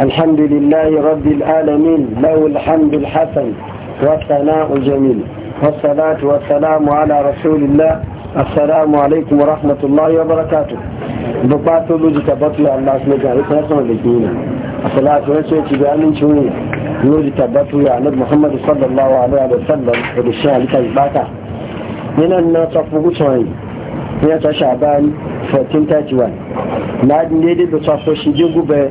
الحمد لله رب العالمين له الحمد الحسن والثناء الجميل والصلاة والسلام على رسول الله السلام عليكم ورحمة الله وبركاته بباتو لجة بطل الله اسمه جاري سنسمع بكينا الصلاة والسلام تبعين شوي لجة بطل يعني محمد صلى الله عليه وسلم وبالشيء لتجباتا من الناس أفوق شوي من شعبان 1431 لكن يدي بتصفو شجي قبه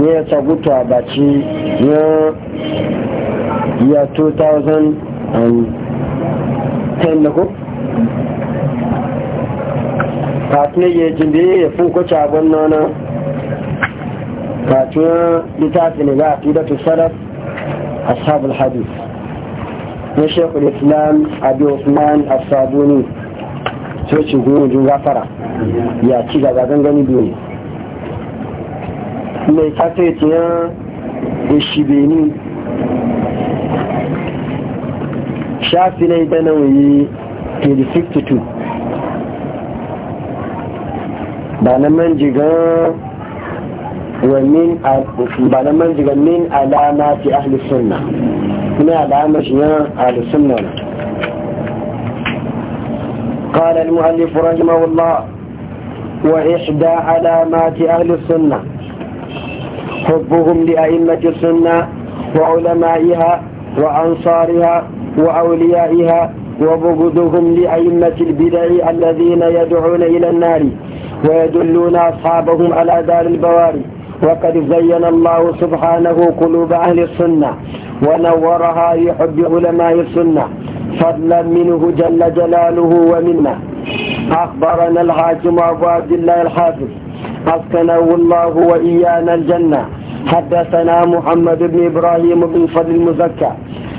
ní ẹ̀ta gútó àbàtí ní yà 2010 lọ́kọ́ kàtúnyẹ yẹ jìnbí yẹ fún kọ́chà abọ́n náà kàtúnyẹ lítàfi nìgbà àkídàtù a ashabul hadith ní shekul islam a usman asabuni tó ṣùgbọ́n ojú gáfara ya ci gaba gangani mai kafetiyar ishibeni shafi na ita na wuyi 62 ba na manjigan ba na manjigan min alama fi ahli sunna kuma alama shi yan ahli sunna قال المؤلف رحمه الله وإحدى علامات أهل السنة حبهم لأئمة السنة وعلمائها وأنصارها وأوليائها وبغضهم لأئمة البدع الذين يدعون إلى النار ويدلون أصحابهم على دار البواري وقد زين الله سبحانه قلوب أهل السنة ونورها يحب علماء السنة فضلا منه جل جلاله ومنا أخبرنا الحاكم أبو عبد الله الحافظ أسكنه الله وإيانا الجنة حدثنا محمد بن إبراهيم بن فضل المزكى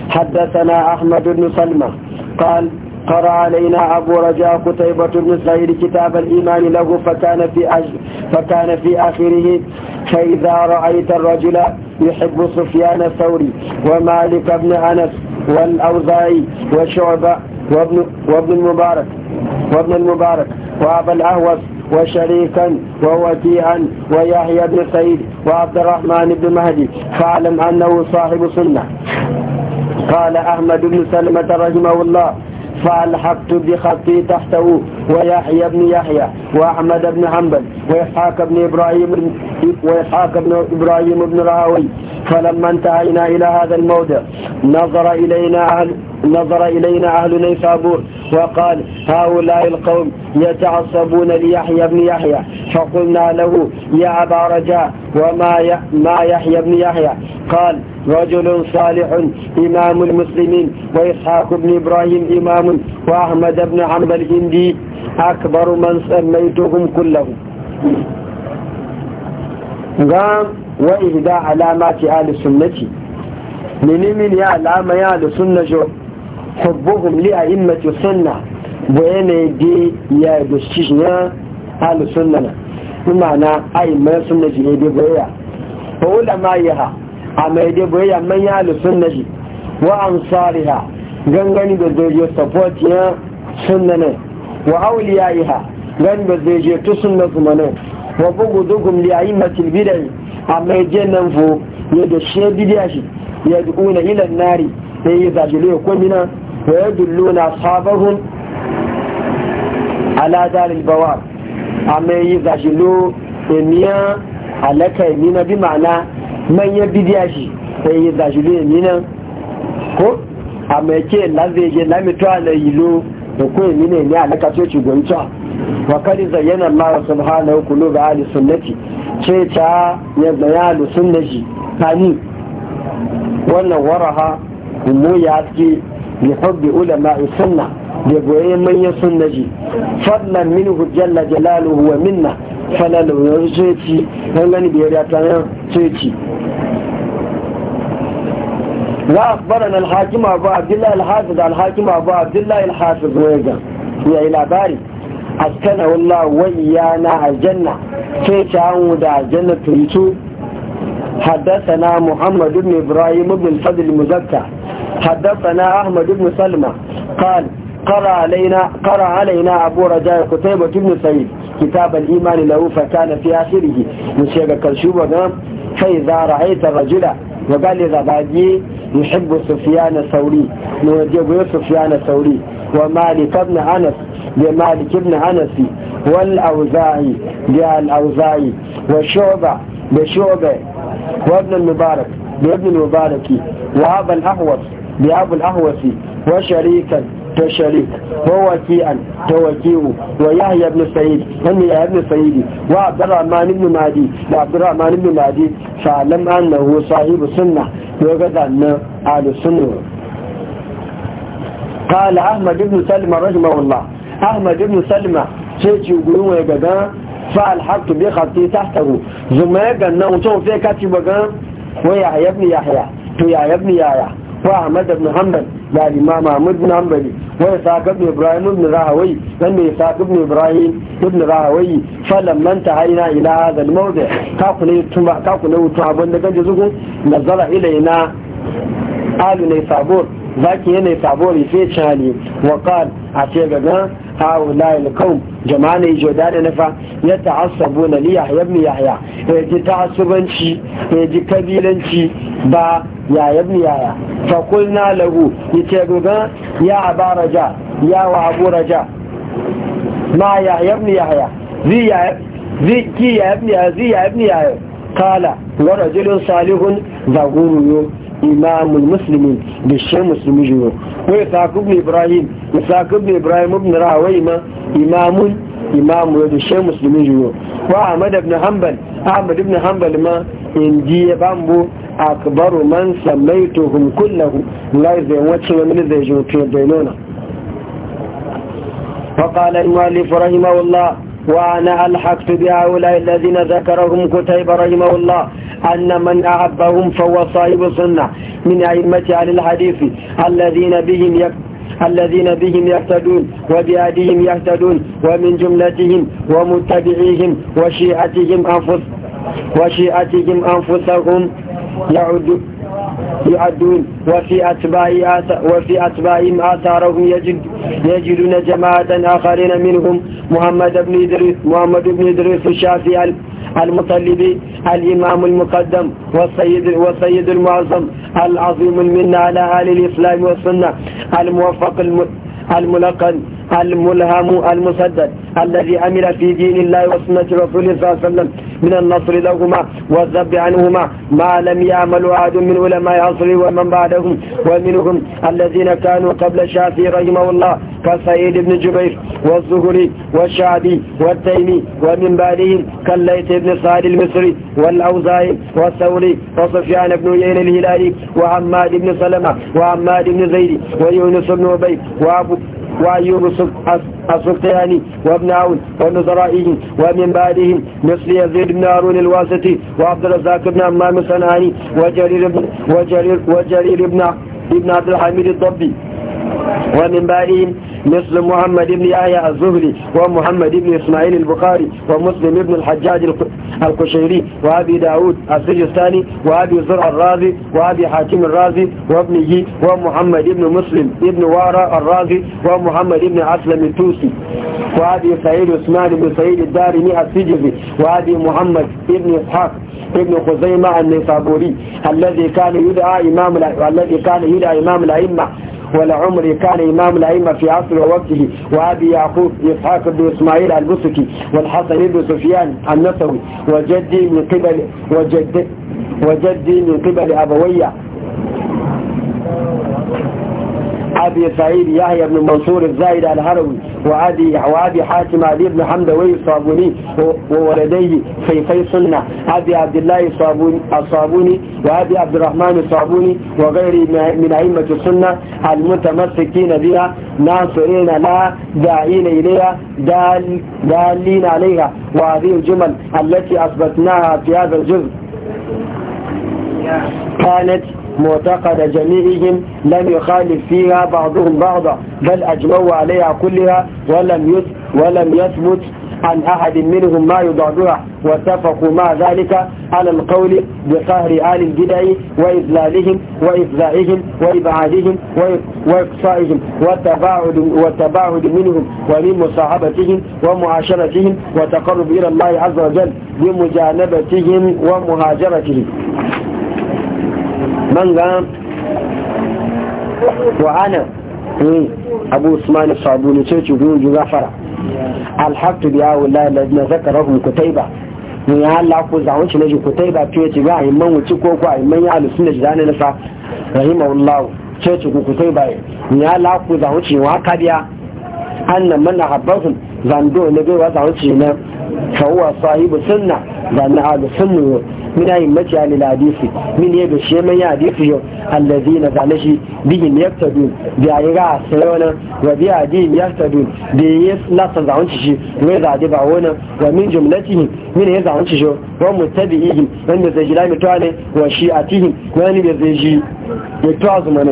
حدثنا أحمد بن سلمة قال قرأ علينا أبو رجاء قتيبة بن سعيد كتاب الإيمان له فكان في أجل فكان في آخره فإذا رأيت الرجل يحب سفيان الثوري ومالك بن أنس والأوزاعي وشعبة وابن, وابن المبارك وابن المبارك وأبا الأهوس وشريكا ووديعا ويحيى بن سعيد وعبد الرحمن بن مهدي فاعلم أنه صاحب سنة قال أحمد بن سلمة رحمه الله فألحقت بخطي تحته ويحيى بن يحيى وأحمد بن حنبل وإسحاق بن إبراهيم وإسحاق بن إبراهيم بن راوي فلما انتهينا إلى هذا الموضع نظر إلينا أهل نظر إلينا أهل نيسابور وقال هؤلاء القوم يتعصبون ليحيى بن يحيى فقلنا له يا أبا رجاء وما ما يحيى بن يحيى قال رجل صالح إمام المسلمين وإسحاق بن إبراهيم إمام وأحمد بن عمرو الهندي أكبر من سميتهم كلهم قام وإهدى علامات أهل السنة من من يا علامة يا أهل السنة حبهم لأئمة السنة وين دي يا دوشيشنا أهل السنة بمعنى أئمة السنة جيدي بويا وعلمائها a mai dai boyayya manya alusun na shi wa ansariha gangani da zai je support ya sunna ne wa auliya'iha gani da zai je tu sunna kuma ne wa bugu dugum li a'immatil bid'ah a mai je nan fo ya da shi bidiya shi ya duuna ila nari sai ya ya ko mina wa yadulluna sabahun ala dalil bawar a mai yi lo emiya alaka na bi ma'ana manyan bidiya shi sai yi zashi ne nina ko a mai ke lazeje lamitowa na lo da kuwa nina ne a ci gwancewa wa kari zayyana hana subhanahu kulu ga ahli sunnati ce ta ya zaya da sunnati tani wannan waraha kuma ya ce bi hubbi ulama sunna da goyen manyan sunnati fadlan minhu hujjalla jalalu wa minna fana da wani wasu za a fara na alhakima ba a billah da alhakima ba a billah alhasa yi labari askana wala wayya na aljanna sai ta hanu da aljanna turitu حدثنا محمد بن ابراهيم بن فضل المزكى حدثنا احمد بن سلمى قال قرأ علينا قرأ علينا ابو رجاء قتيبة بن سعيد كتاب الإيمان له فكان في آخره نشيغ كالشوبة فإذا رأيت الرجل وقال إذا بعدي يحب سفيان الثوري نوديه سفيان الثوري ومالك ابن أنس لمالك ابن أنس والأوزاعي بالأوزاعي وشعبة بشعبة وابن المبارك بابن المبارك وأبا الأحوص بأبو الأحوص وشريكا tashari mawaki an tawakiyu wa ya yi abin sayidi wani ya yi abin sayidi wa abdurrahman ibn mahdi da abdurrahman ibn mahdi salam an na hu sahibu sunna ya gada na ahlu sunna kala ahmad ibn salima rahimahullah ahmad ibn salima sai ci guri wa ya gada fa alhaqtu bi khatti tahtahu zuma ya gana mutum sai kaci baga wa ya yabni yahya to ya yabni yahya ko Ahmad ibn Hanbal da Imam Ahmad ibn Hanbal wa saqab ibn Ibrahim ibn Rahawi dan ne saqab ibn Ibrahim ibn Rahawi falam man tahayna ila hadha al-mawdi ka kula tuma ka kula tuma banda ganje zugo nazala ilaina alu ne sabur zaki yana tabori sai cali wa qal a ce gaga haula ilkaum jama'a ne jo da nafa ya ta'assabu na li yahya ibn yahya ya ji ta'assubanci ya ji kabilanci ba yahya ibn yahya fa lagu lahu yace gaga ya abaraja ya wa abu raja ma ya ibn yahya zi ya zi ki ya ibn yahya zi ya ibn yahya kala wa rajulun salihun zaguruyo إمام المسلمين بالشيء مسلم جيو ويساق ابن إبراهيم يساق ابن إبراهيم ابن راويما إمام إمام بالشيء مسلم جيو وعمد ابن حنبل أحمد ابن حنبل ما إن إندي بامبو أكبر من سميتهم كلهم لا يزين واتشنا من ذي في الدينونا فقال المؤلف رحمه الله وأنا ألحقت بهؤلاء الذين ذكرهم كتيب رحمه الله أن من أحبهم فهو صاحب السنة من أئمة أهل الحديث الذين بهم يكتبون الذين بهم يهتدون وبهديهم يهتدون ومن جملتهم ومتبعيهم وشيعتهم أنفس وشيعتهم أنفسهم يعدون يعدون وفي أتباع وفي أتباعهم آثارهم يجد يجدون جماعة آخرين منهم محمد بن إدريس محمد بن إدريس الشافعي المطلبي الإمام المقدم والسيد, والسيد المعظم العظيم المنة على أهل الإسلام والسنة الموفق الم... الملقن الملهم المسدد الذي عمل في دين الله وسنة رسول الله صلى الله عليه وسلم من النصر لهما والذب عنهما ما لم يعمل أحد من علماء عصره ومن بعدهم ومنهم الذين كانوا قبل الشافعي رحمه الله كسعيد بن جبير والزهري والشعبي والتيمي ومن بعدهم كالليث بن سعد المصري والأوزاعي والثوري وسفيان بن عيينة الهلالي وعماد بن سلمة وعماد بن زيد ويونس بن أبي وأبو وأيوب السلطاني وابن عون والنظرائي ومن بعدهم مثل يزيد بن هارون الواسطي وعبد الرزاق بن عمام الصنعاني وجرير بن وجرير وجرير بن ابن عبد الحميد الضبي ومن بعدهم مثل محمد بن يحيى الزهري ومحمد بن إسماعيل البخاري ومسلم بن الحجاج القشيري وأبي داود السجستاني وأبي زرع الرازي وأبي حاتم الرازي وابنه ومحمد بن مسلم بن وارا الرازي ومحمد بن أسلم التوسي وأبي سعيد عثمان بن سعيد الدارمي السجزي وأبي محمد بن إسحاق ابن خزيمة النيسابوري الذي كان يدعى إمام الذي كان يدعى إمام الأئمة ولعمر كان إمام الأئمة في عصر ووقته وأبي يعقوب إسحاق بن إسماعيل البسكي والحسن بن سفيان النسوي وجدي من قبل وجدي وجدي من قبل أبوية أبي سعيد يحيى بن منصور الزايد الهروي وأبي وأبي حاتم علي بن حمدوي الصابوني وولديه فيفي سنة أبي عبد الله الصابوني وأبي عبد الرحمن الصابوني وغير من أئمة السنة المتمسكين بها ناصرين لا داعين إليها دالين عليها وهذه الجمل التي أثبتناها في هذا الجزء كانت معتقد جميعهم لم يخالف فيها بعضهم بعضا بل أجمعوا عليها كلها ولم ولم يثبت عن أحد منهم ما يضعها واتفقوا مع ذلك على القول بقهر آل البدع وإذلالهم وإذلائهم وإبعادهم وإقصائهم والتباعد, والتباعد منهم ومن مصاحبتهم ومعاشرتهم وتقرب إلى الله عز وجل بمجانبتهم ومهاجرتهم man ga wa'ana abu usman sabuni ce ci gungu gafara alhaqtu biya wallahi ladina zakarahum kutaiba ni ya Allah ko zawon shi naji kutaiba fiye ci ga ayman wuci ko ko ayman ya alusunna jidane na fa rahimahullahu ce ci ku kutaiba ni ya Allah ko zawon shi wa kadiya annan mana habbahum zando ne bai wa zawon shi na fa huwa sahibu sunna dan na alusunna min a'immati alil hadisi min ya shi man ya hadisi yo allazina zalashi bihi yaftadu bi sai wani, wa bi adi yaftadu bi yas la sanzaunci shi wa za da ba wani, wa min jumlatihi min ya zaunci shi wa mutabi'ihim wanda zai jira ne, wa shi a shi'atihim wani da zai ji ya tawazu mana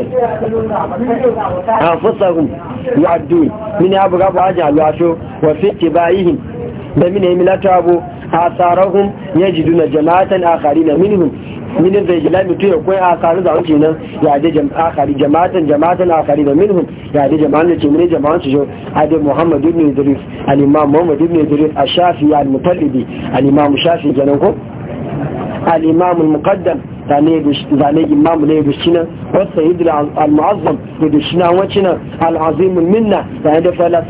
anfusahum yu'addun min abu gabu ajal wa fi tibaihim da min ya milata abu asarahum yajiduna jama'atan akharina minhum min da jila mutu ya nan ya akari jama'atan jama'atan akari ya jama'an da ce jama'an su jo shafi mutallibi shafi kenan ko muqaddam zane ne nan wasu al-mu'azzam da nan wacce nan al-azimun minna da yadda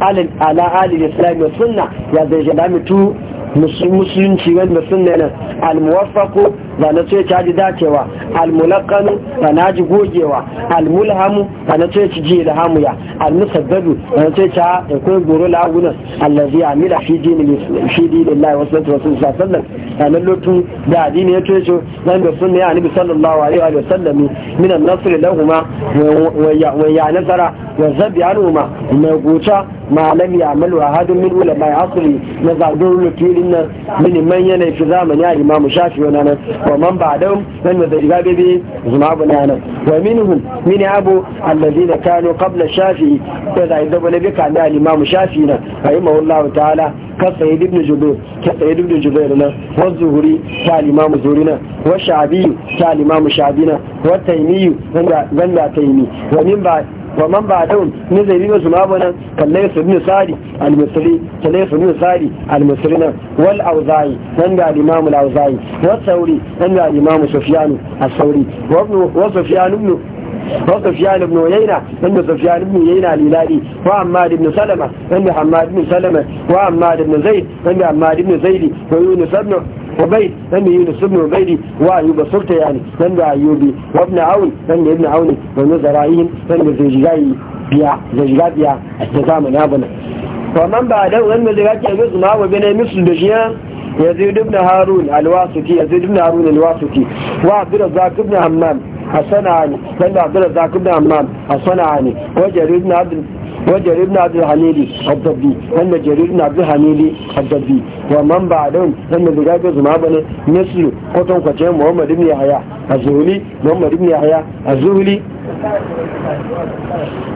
ala alil islami sunna ya zai mutu musulunci wanda suna yana almuwafaku ba na ce ji dacewa almulakanu ba na ji gogewa almulhamu bana na ce ci ji da hamu ya almusabbadu ba na ce ca da kuma goro lagunan allazi amila fi dini shi dini lillahi wasu wasu wasu wasu sallam da na lotu da adini ya ce ce zan da sun ya anabi sallallahu alaihi wa sallam minan an-nasr lahuma wa ya nasara wa zabi anhuma ma guta ma lam ya'malu ahadun min ulama asli na zagon lutulin nan mini manyan yana fi zamani imamu shafi wani nan wa man ba don nan da daga bebe zuma abu na nan wa minhum min abu alladhina kanu qabla shafi'i sai da idan wani bika da al-imam shafi'i na rahimahullahu ta'ala ka sayyid ibn jubair ka sayyid ibn jubair na ta wa ومن بعدهم نزل بن زمامنا كالليس بن ساري المصري كالليس بن ساري المصرنا والأوزاعي من الإمام الأوزاعي والثوري أن الإمام سفيان الثوري وسفيان بن وسفيان بن عيينة أن سفيان بن عيينة الهلالي وعماد بن سلمة أن حماد بن سلمة وعماد بن زيد أن عماد بن زيد ويونس بن وبيت أن يونس بن عبيد وأيوب سلطة يعني أن أيوبي وابن عون أن ابن عون ونزرائهم أن زوجي بيا zai بيا a نابنا abuna. بعده man ba da wani zai gaki a يزيد بن هارون الواسطي يزيد بن هارون الواسطي وعبد الرزاق بن همام الصنعاني بل عبد الرزاق بن همام الصنعاني وجرير بن عبد وجرير بن عبد الحميدي الضبي أن جرير بن عبد الحميدي الضبي ومن بعدهم أن بقاك زمابنا مثل قطن قتين محمد بن يحيى الزهولي محمد بن يحيى الزهولي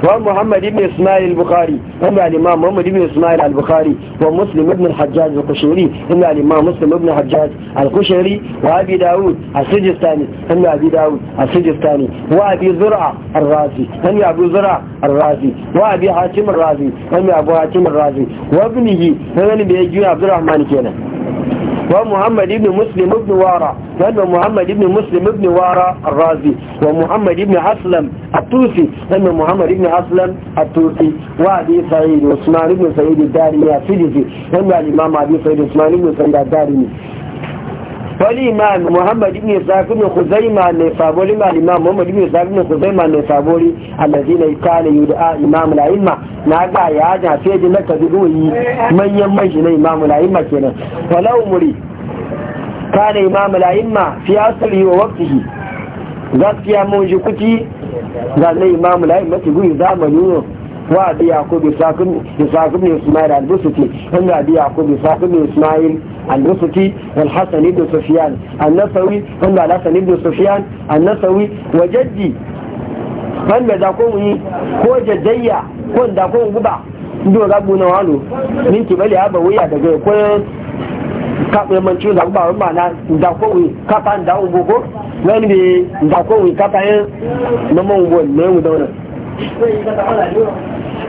ومحمد بن إسماعيل البخاري هم الإمام محمد بن إسماعيل البخاري ومسلم بن الحجاج القشيري هم الإمام مسلم بن الحجاج القشيري وأبي داود السجستاني هم أبي داود السجستاني وأبي زرع الرازي هم أبو زرع الرازي وأبي حاتم الرازي هم أبو حاتم الرازي وابنه هم بيجي عبد الرحمن كينا ومحمد بن مسلم بن وارا لأنه محمد بن مسلم بن وارا الرازي ومحمد بن أسلم التوسي لأنه محمد بن أسلم التوسي وعدي سعيد وعثمان بن سعيد الداري يا سيدي لأنه الإمام عدي سعيد وعثمان بن سعيد الداري wani imam muhammad ibn isaaq ibn khuzaima ne sabori ma imam muhammad ibn isaaq ibn khuzaima ne sabori allazina kana yud'a imam al-a'imma na ga ya ja sai ji na yi manyan mai ne imam al-a'imma kenan walau muri kana imam al-a'imma fi asli wa waqtihi gaskiya mun ji kuti ga ne imam al-a'imma ti guyi zamani wa abi yaqub isakum isakum bin ismail al-busuti an abi yaqub isakum bin ismail al-busuti wal hasan ibn sufyan an-nasawi an nasawi man da za ko yi ko jaddayya ko da ko guba ndo ga guna walo min ki bale aba wuya daga ko kaɓe man ciwo da ba ma na da ko ka kafa da ubu ko wani bi da ko wi ka yin na mun ne mu da wannan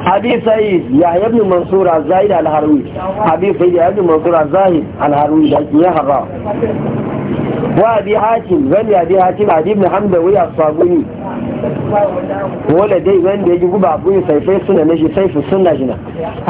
abi sa'id ya ibn mansur az-zahid al-harwi abi sa'id ya ibn mansur az-zahid al-harwi da ya harra wa abi hatim zan ya abi hatim abi ibn hamdawi as-sabuni wala dai wanda ya ji guba abu saifai suna na shi saifu suna shi na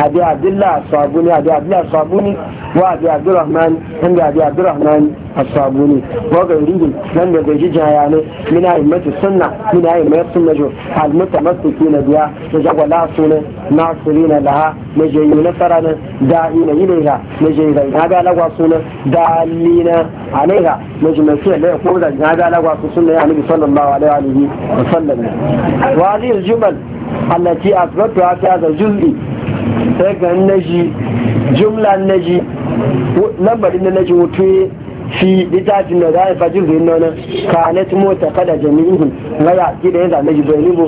abi abdullah sabuni abi abdullah sabuni wa abi abdurrahman dan da abi abdurrahman sabuni wa ga yuri dan da gaji jaya ne mina immatu sunna mina immatu sunna jo al na biya da jagwala sunna nasirina laha majayu nasara na na ilaiha majayu da na ga lagwa sunna dalina alaiha majmasiya da ko da na ga lagwa sunna ya sallallahu alaihi wa Wa zan yi zuman a nati da turaci a zata zuɗi na ji, jumla na ji, da na na ji o tue fi de ta na yi fa zuɗi nana, k'a na tumu ta faɗa jiyannu, waya, kiɗɗaya na ji, bai nubu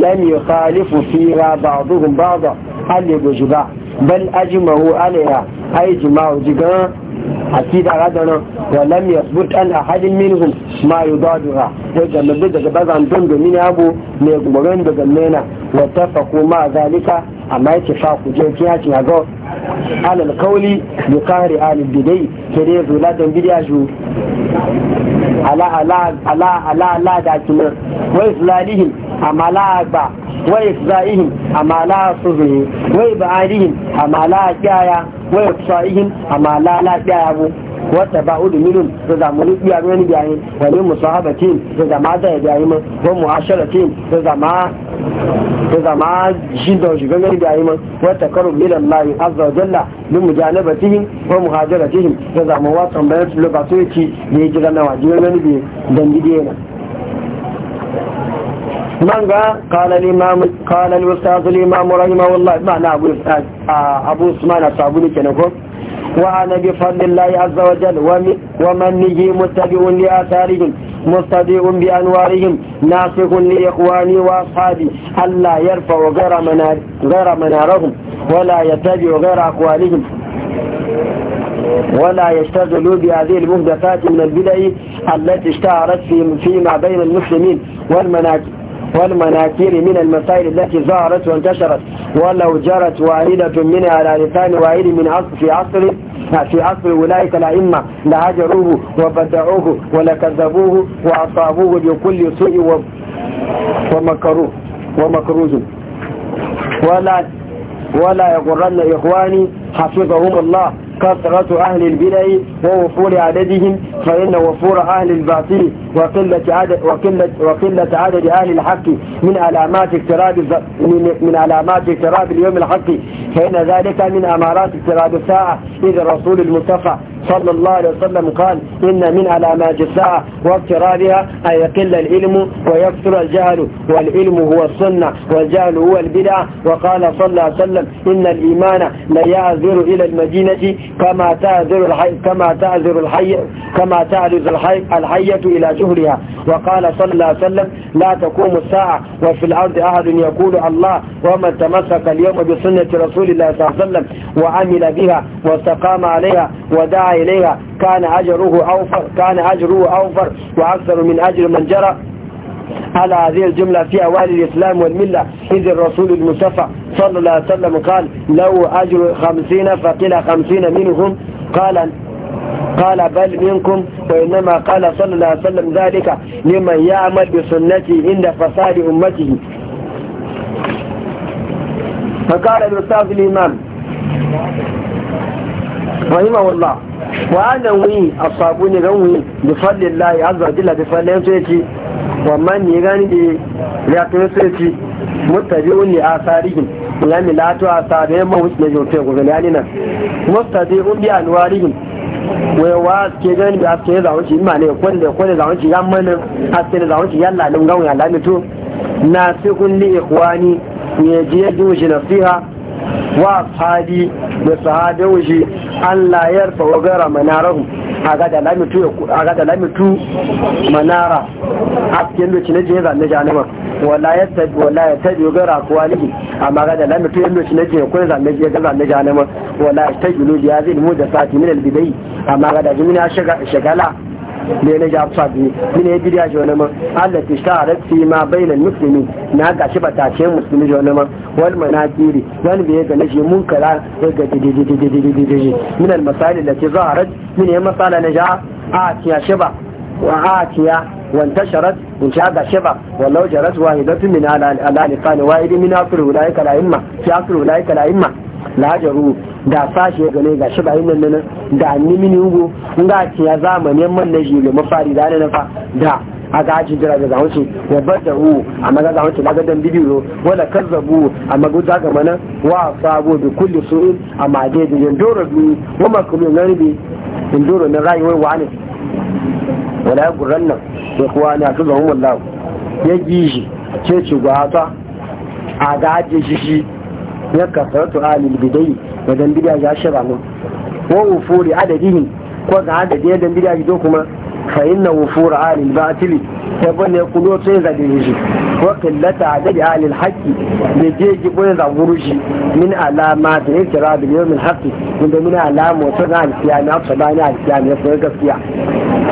Yaya min kai alifu fira ba o bugu ba o ba, a yi leba o zu akida radana wa lam yasbut an ahadin minhum ma yudaduha sai ga nabi daga bazan don domin abu ne gumarin daga mena wa tafaqu ma zalika amma yake fa ku je kiyaci ga alal kauli bi qahri alil bidai kede zula ladan bidiya ju ala ala ala ala ala da kina wa islalihim amala ba Wai iszaihim amala suhi wa ibadihim amala kiyaya wa ifsaihim amala la kiyaya wata ba hudu milin da zamani biya wani biyayin wani musahabatin da zama da ya biyayi man wani mu'asharatin da zama da zama shi da shi gangan biyayi man wata karu milan layi azza wa jalla min mujanabatihim ko muhajaratihim da zama wa bayan su lokaci ne ya jira na wajen wani biyu dan gidiye na من قال الإمام قال الأستاذ الإمام رحمه الله معنى أبو أبو عثمان الصابوني كنكم وأنا بفضل الله عز وجل ومنه متبع لآثارهم مستضيء بأنوارهم ناصح لإخواني وأصحابي ألا يرفع غير, منار غير منارهم ولا يتبع غير أقوالهم ولا يشتغلوا بهذه المهدفات من البدع التي اشتهرت فيما بين المسلمين والمناكب والمناكير من المسائل التي ظهرت وانتشرت ولو جرت واحدة منها على لسان واحد من عصر في عصر في عصر أولئك الأئمة لهجروه وبدعوه ولكذبوه وأصابوه بكل سوء ومكروه ومكروه ولا ولا يغرن إخواني حفظهم الله كثرة أهل البدع ووفور عددهم فإن وفور أهل الباطل وقلة عدد وقلة وقلة عدد أهل الحق من علامات اقتراب من, من علامات اقتراب اليوم الحق فإن ذلك من أمارات اقتراب الساعة إذ الرسول المصطفى صلى الله عليه وسلم قال إن من ما جساء واقترابها أن يقل العلم ويكثر الجهل والعلم هو السنة والجهل هو البدعة وقال صلى الله عليه وسلم إن الإيمان لا يعذر إلى المدينة كما تعذر الحي كما تعذر الحي كما تعذر الحي الحية إلى شهرها وقال صلى الله عليه وسلم لا تقوم الساعة وفي الأرض أحد يقول الله ومن تمسك اليوم بسنة رسول الله صلى الله عليه وسلم وعمل بها واستقام عليها ودعا إليها كان أجره أوفر كان أجره أوفر وأكثر من أجر من جرى على هذه الجملة في أوائل الإسلام والملة إذ الرسول المصطفى صلى الله عليه وسلم قال له أجر خمسين فقيل خمسين منهم قال قال بل منكم وإنما قال صلى الله عليه وسلم ذلك لمن يعمل بسنته عند فساد أمته فقال الأستاذ الإمام rahimahullah wa anan wi sabu ne gan wi bi fadlillahi azza wa jalla bi fadlillahi sai ci wa man ne gani bi ya to sai ci muttabi'un li asarihim ya mi la to asabe ma wuce ne jote ko ga yani nan muttabi'un bi anwarihim wa wa ke gani bi aske za wuce ma ne kun da kun za wuce yan manin aske za wuce yalla dun gan ya lamito nasikun li ikhwani ne je je nasiha wa sahabi da sahada wuce Allah ya rufa wagara manararun a gada lamitu manara a cikin lokacin na jiya zane janimar wala ya tabi wala ya tabi gara kuwa ne amma ga da lamitu yin lokacin na jiya kun zane jiya zane janimar wala ya tabi lokaci ya zai nemo da sati min albidai amma ga da jimina shagala da na ja fa bi min ya bidiya na ma Allah ta shara fi ma bainal muslimin na gashi batace musulmi jo na ma wal manakiri wal bi ga nashi munkara ga dididididididididi min al masail allati zaharat min ya masala na ja a tiya shiba wa a tiya وانتشرت وانشاء شبع ولو جرت واحدة من على الألقان واحد من أصل أولئك الأئمة في أصل أولئك الأئمة lajaru da sashe gane ga shi bayan nan nan da ni mini ugo in ya zamanin man na jile mafari da na fa da a ga aji jira da zaunci wa bada hu a maza zaunci maga dan bidiyo wala kazzabu a maga za ga mana wa sabo bi kulli su'in a maje da yandoro bi wa makulu nan bi na rayuwar wani wala gurran nan sai kuwa na tuzon wallahu ya gishi ce ci gwata a ga shi ya kasaratu alil bidai da dan bidiya ya shaba mu wa wufuri adadihi ko ga adadi da dan bidiya gido kuma fa inna wufur alil batili ya bane kulo sai za da shi ko qillata adadi alil haqqi da je ji bane za guru shi min alama da yake rabi yawmin haqqi inda min alama wata na alkiyami a sabani alkiyami ya koyi gaskiya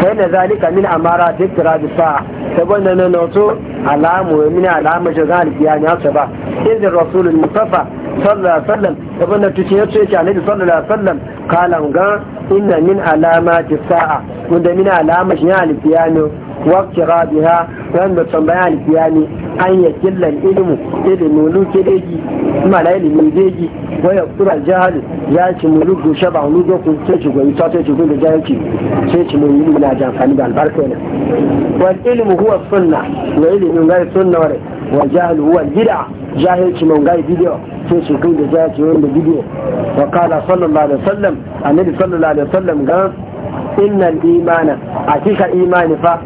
sai na zalika min amara da yake rabi sa'a ta bane na noto alamu min alama shi za alkiyami a sabani inda rasulul mustafa sallallahu alaihi wasallam ibn tuce ya ce annabi sallallahu alaihi wasallam kalan ga inna min alamati sa'a wanda min alama shi alkiyami wa dan da tambaya alkiyami an ya killan ilmu ilmu luke deji mala ilmi deji wa ya kura jahal ya ci go shaba go ku ce ci goyi ta ce ci goyi da jahilci sai ci mun ilmi na jan fani da albarka ne wa ilmu huwa sunna wa ilmu ga sunna wa wa jahilu huwa bid'a jahilci mun ga bid'a sai shi kai da jahilci wanda bid'a wa qala sallallahu alaihi wasallam annabi sallallahu alaihi wasallam ga al imana hakika imani fa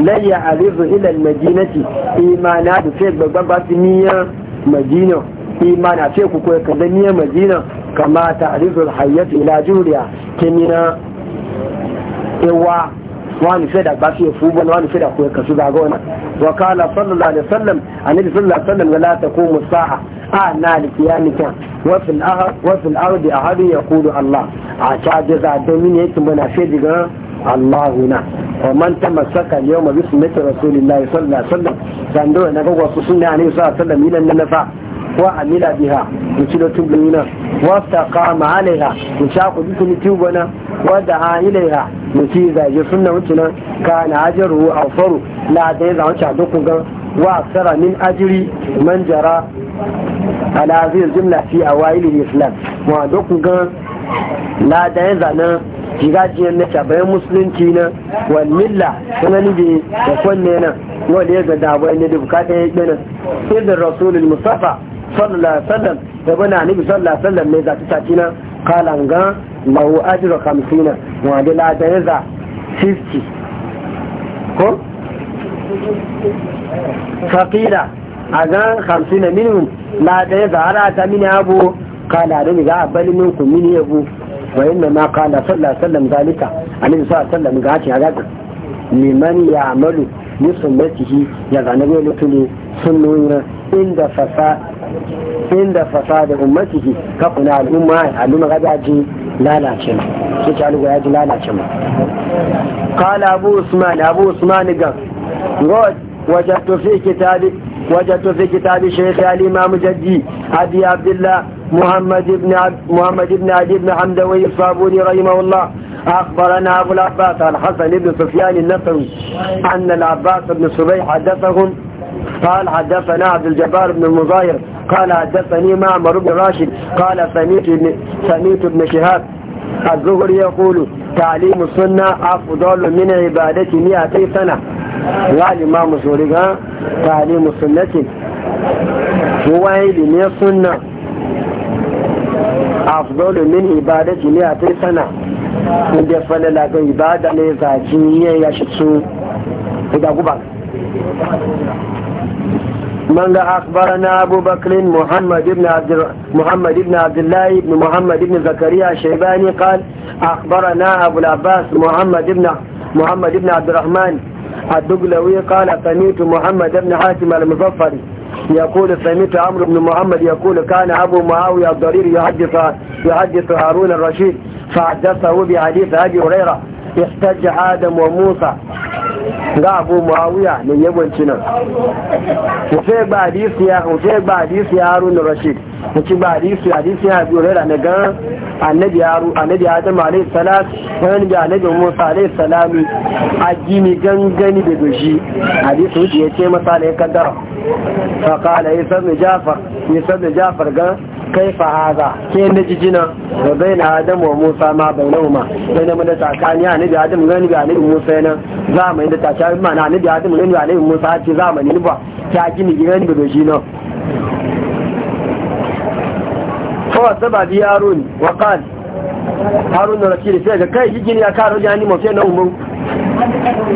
la ya'rizu ila al-madinati imana da sai babban basiniya madina imana sai ku koyi kallon madina kama ta'rizu al-hayyat ila juriya kimina ewa wani sai da basu ya fubon wani sai da kuwa ka su zaga wani wa kala sallallahu alaihi wasallam annabi sallallahu alaihi wasallam la taqumu sa'a a na likiyanika wa fil ahad wa fil ardi ahad yaqulu allah a ta za da mini yake muna sai diga allah na wa man tamassaka al yawma bi sunnati rasulillahi sallallahu alaihi wasallam dan do na ga wasu sunna ne sallallahu alaihi wasallam ilan nafa وعمل بها وشلو تبلينا واستقام عليها وشاق بكم تيوبنا ودعا إليها نتيزة يسنة وشنا كان أجره أوفر لا ديزة وشعدوكم وأكثر من أجري من جرى على هذه الجملة في أوائل الإسلام وعندوكم لا ديزة نا jigajiyar na shabayin musulunci na walmilla suna nibi da kwanne na ya ga bai ne da bukatar ya gina rasulul mustafa sallallahu alaihi da bana bi sallallahu alaihi ne za ta tafi nan ga lahu ajru 50 wa da ladan 50 ko faqila azan 50 minimum ladan za ta mini abu kala da ni za a bali mini yabu wa inna ma kala sallallahu alaihi zalika sallallahu alaihi ga ce liman ya ya zanabe lutuli inda fasa inda fasada ummatihi ka kuna al'umma al'umma ga jaji lalace ma shi ta alugwa lalace abu usman abu usman ga god wajadtu fi kitabi wajadtu fi kitabi shaykh al-imam abi abdullah محمد بن عبد محمد بن عدي بن حمدوي الصابوني رحمه الله أخبرنا أبو العباس عن حسن بن سفيان النصري أن العباس بن سبي حدثهم قال حدثنا عبد الجبار بن المظاهر قال حدثني معمر بن راشد قال سميت بن, سميت بن شهاب الزهري يقول تعليم السنة أفضل من عبادة مئتي سنة قال إمام الزهري تعليم السنة هو علم السنة أفضل من ibadati مئة سنة من دفن لك da fana laga ibada ne zaci من أخبرنا أبو بكر محمد بن عبد محمد بن عبد الله بن محمد بن زكريا الشيباني قال أخبرنا أبو العباس محمد بن محمد بن عبد الرحمن الدقلوي قال سمعت محمد بن حاتم المظفري يقول سمعت عمرو بن محمد يقول كان أبو معاوية الضرير يحدث يحدث هارون الرشيد فحدثه بحديث أبي هريرة احتج آدم وموسى ga abu muawiya ne yawanci nan ce ba hadisi ya ce ba hadisi ya harun rashid wuce ba hadisi hadisi ya biyo rera na gan annabi yaro annabi adam alayhi salam wani ga annabi musa alayhi salami a gini gangani da doshi hadisi wuce ya ce masa alayhi kaddara fa qala isa ibn jafar ya ibn jafar gan kaifa haza ke na jijina da bai na adam wa musa ma bai nauma bai na mada da tsakani annabi adam gani bi annabi musa yana za mu yi da ta ta ma na nabi adam ne ne musa ce zamani ne ba ta gini gidan da doji na fa harun wa qal harun da rashid sai ga kai gini ya karo ya ni mafi na umu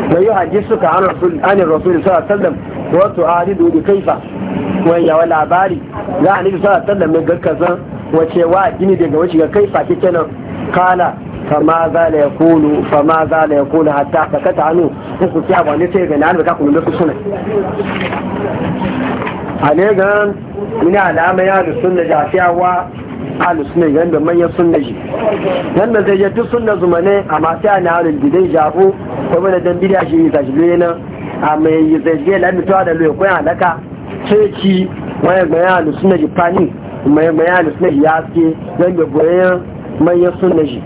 da yi hadisu ka an rasul an rasul sallallahu alaihi wasallam wa kaifa wa ya labari ga annabi sallallahu alaihi wasallam ga kaza wace wa gini daga wace ga kaifa kike nan kala fama za la yakunu fama za la yakunu hatta sakata anu ku kiya ba ne sai ga nan ka kuma su suna ale ga ina alama ya da sunna jafiyawa ahlu sunna ga da manyan sunna ji nan da zai yi sunna zumane amma sai ana halin bidai jafu kuma da dan bidiya shi ta shi ne a mai yi zai je lamitowa da lokaci ko halaka sai ci wani ga ahlu sunna ji fani mai mai ahlu sunna ya ce dan da boyen manyan sunna ji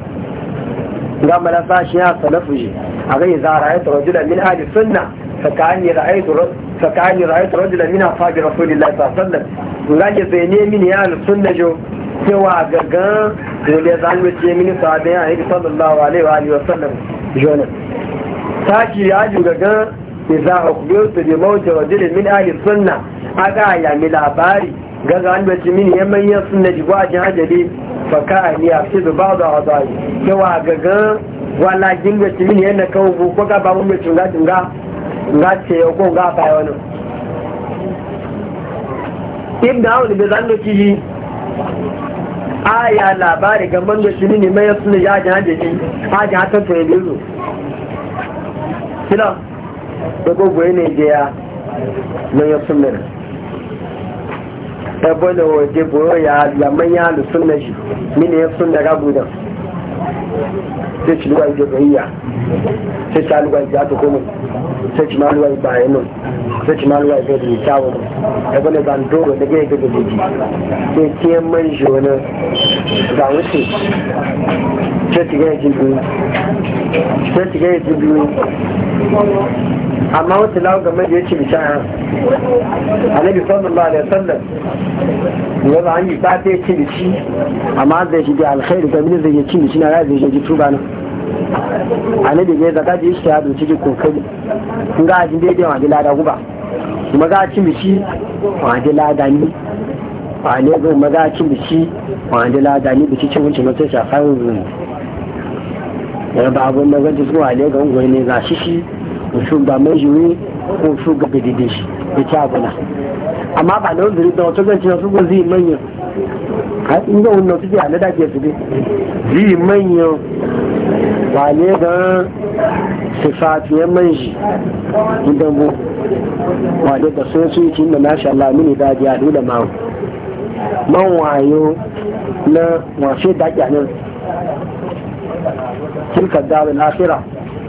ga mana sashi ya salafu shi a zai za ra'aytu rajula min ahli sunna fakani ra'aytu fakani ra'aytu rajulan min ashabi rasulillahi sallallahu alaihi wasallam ga ke zai ne min ya ahli sunna jo cewa gaga dole zan wuce min sabon ya yi sallallahu alaihi wa alihi wasallam jona ki ya ju gaga idza ukhbirtu bi mawt rajula min ahli sunna ga ya mi labari gaza an bai min ya manyan suna ji ba jin hajjali faka a niya fi da ba da hazayi yawa gaga wala jin bace min yana kawo bu ko ga ba mun bace ga dinga ga ce ya ko ga ba wani ibn awli da zan doki yi aya labari ga man bace min mai suna ya jin hajjali hajji hata to ya bizo kila da gogo ne ya mai suna ebe na waje boro ya yaman ya halu sunna shi mini ya sunna rabu da sai ci luwa ije bayiya sai ci aluwa ije ato komi sai ci maluwa ije nun sai ci maluwa ije da doro da gaya gaga ji sai ce man shi wani ga wuce sai ci gaya jibi sai ci jibi amma wata lauka game da ya ce bishaya annabi sallallahu alaihi wasallam ya ba an yi ba ta ce da shi amma zai shi da alkhairu ga mini zai ci shi na ya zai shi tuba na annabi ne zaka ji shi ya doci ji kokari kun ga ajin daidai wa lada guba kuma ga ci shi wa lada ni a ne ga a ci shi wa lada ni bici cin wuce mutunci a fayin zuwa ya ba abin da gaji zuwa ne ga ungwani ne za shi shi shugaba mai jiri ko shugaba dide shi da kyabuna amma ba na wanzuri da wata ganci na su gun zai manyan a inda wannan suke a nada ke su ne zai manyan ba ne ga sifafiyar manji idan bu ba ne da sun su yi cin da nashi Allah mini da ya da mawu man wayo na washe daƙi a nan tilkar na asira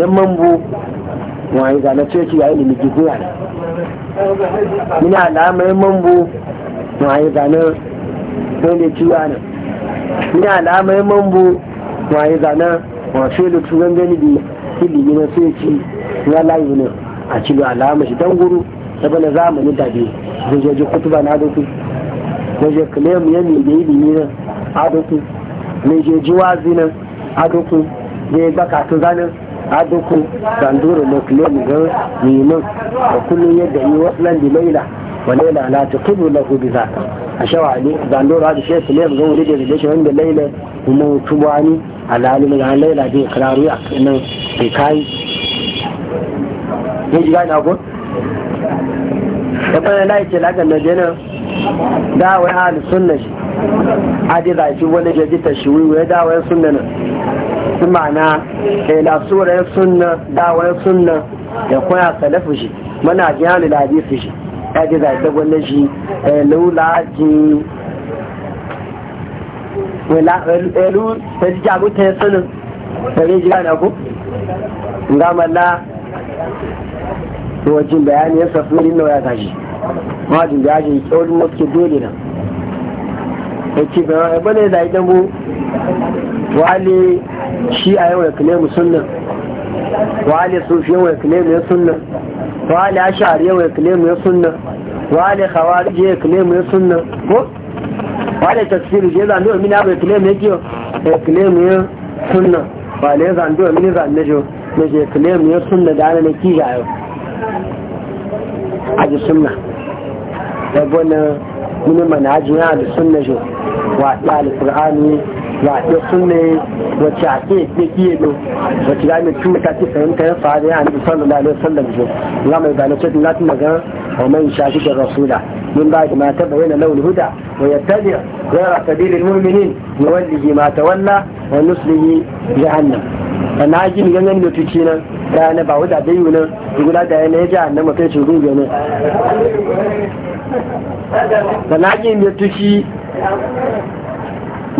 yamman bu wani zane ceci ya yi limiki kuya ne muna alama yamman bu wani zane wani ciwa ne muna alama yamman bu wani zane wasu da turan gani da ilimi na ceci ya na ne a cilo alama shi don guru ta bane zamani da bai zojoji kutuba na doku zoje kalemu yami da ilimi na adoku mai jeji wazi na adoku ne ba katun zanen aduku na nukleomi ga yimin da kullum yadda yi wasu nan da laila wa laila na ta kudu na hudu za a shawa ne danduru hadu shi su lemu ga wuri da shi wanda laila kuma tubuwa ni a lalimi na laila da ya kararu a nan bai kayi ne ji gani abu da kwanan layi ce na jenar da wai halin sunna shi adida shi wani jaji ta shi wiwu ya dawayen sunna nan su ma'ana ila eh, surayen sunna ya sunna ya koya salafu shi mana jihar da hadisi shi adida ta wani shi eh, lula ji elu eh, ta ji jagu ta yi sunan ta ne jira na ku ngamala wajen bayanin safiri na waya tashi wajen da ya ji tsawon wasu dole nan ci gaba ya bane da idan mu wali shi a yau ya kune mu sunnan wali sufi yau ya kune mu sunnan wali ashari yau ya kune mu sunnan wali khawarij ya kule mu sunnan ko wali tafsir je da ndo min abu ya kule mu kiyo ya kune mu sunnan wali zan ndo min zan jo ne je kune mu sunnan da ana ne ki ga yau aji sunna da gwanin من منهجنا للسنة وإطلاع القرآن wato sun ne wacce a ke ke kiye do wacce ga mai tun ka sayan kayan ya a ya annabi da alaihi da jo ga mai gano ce latin magana wa man shafi da rasula min ba ma ta bayyana laul huda wa yattabi ghayra sabilil mu'minin ji ma walla wa nuslihi jahannam ji jin gangan da tuci nan da na ba wuda da yiwu nan gula da yana ya ji nama kai shi gugu ne sana jin ya tuci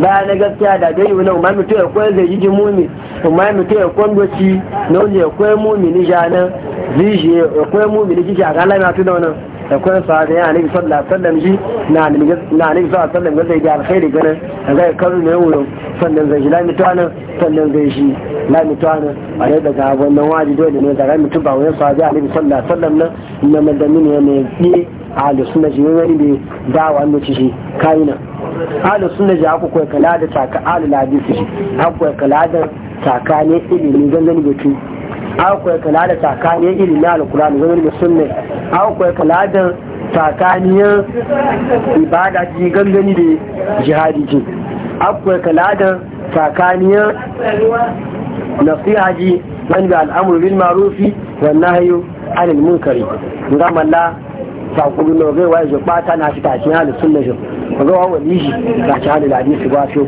ba na gaskiya da dai wani umar mutu ya kwaye zai jiji mumi umar mutu ya koyar doci na wani ya kwaye mumi ni janan zai ya kwaye mumi ni kiki a kalama tu da wannan da kun sahabi ya nabi sallallahu alaihi wasallam ji na nabi sallallahu alaihi wasallam ga zai ga alkhairi ganin zai karu ne wurin sannan zai shi lamitu anan sannan zai shi lamitu anan a yau daga wannan waji dole ne daga mutum ba wani sahabi ya nabi sallallahu alaihi wasallam nan na madamin ya ne ne ahlu sunna shi wani ne dawa an ci shi kayina ahlu sunna ji aku koyi kala da taka ahlu hadisi aku koyi kala da taka ne ilimi zan da tu akwai kala da tsakaniyar irin na alkurani wani musulmi akwai kala da tsakaniyar ibada ji gangani da jihadi ji akwai kala da tsakaniyar nasiha ji wani da al'amur bil marufi wannan hayo anil munkari ngamalla sakulu na gai wa ya bata na shi tashin halin sunna shi gai wani shi tashin halin hadisi ba shi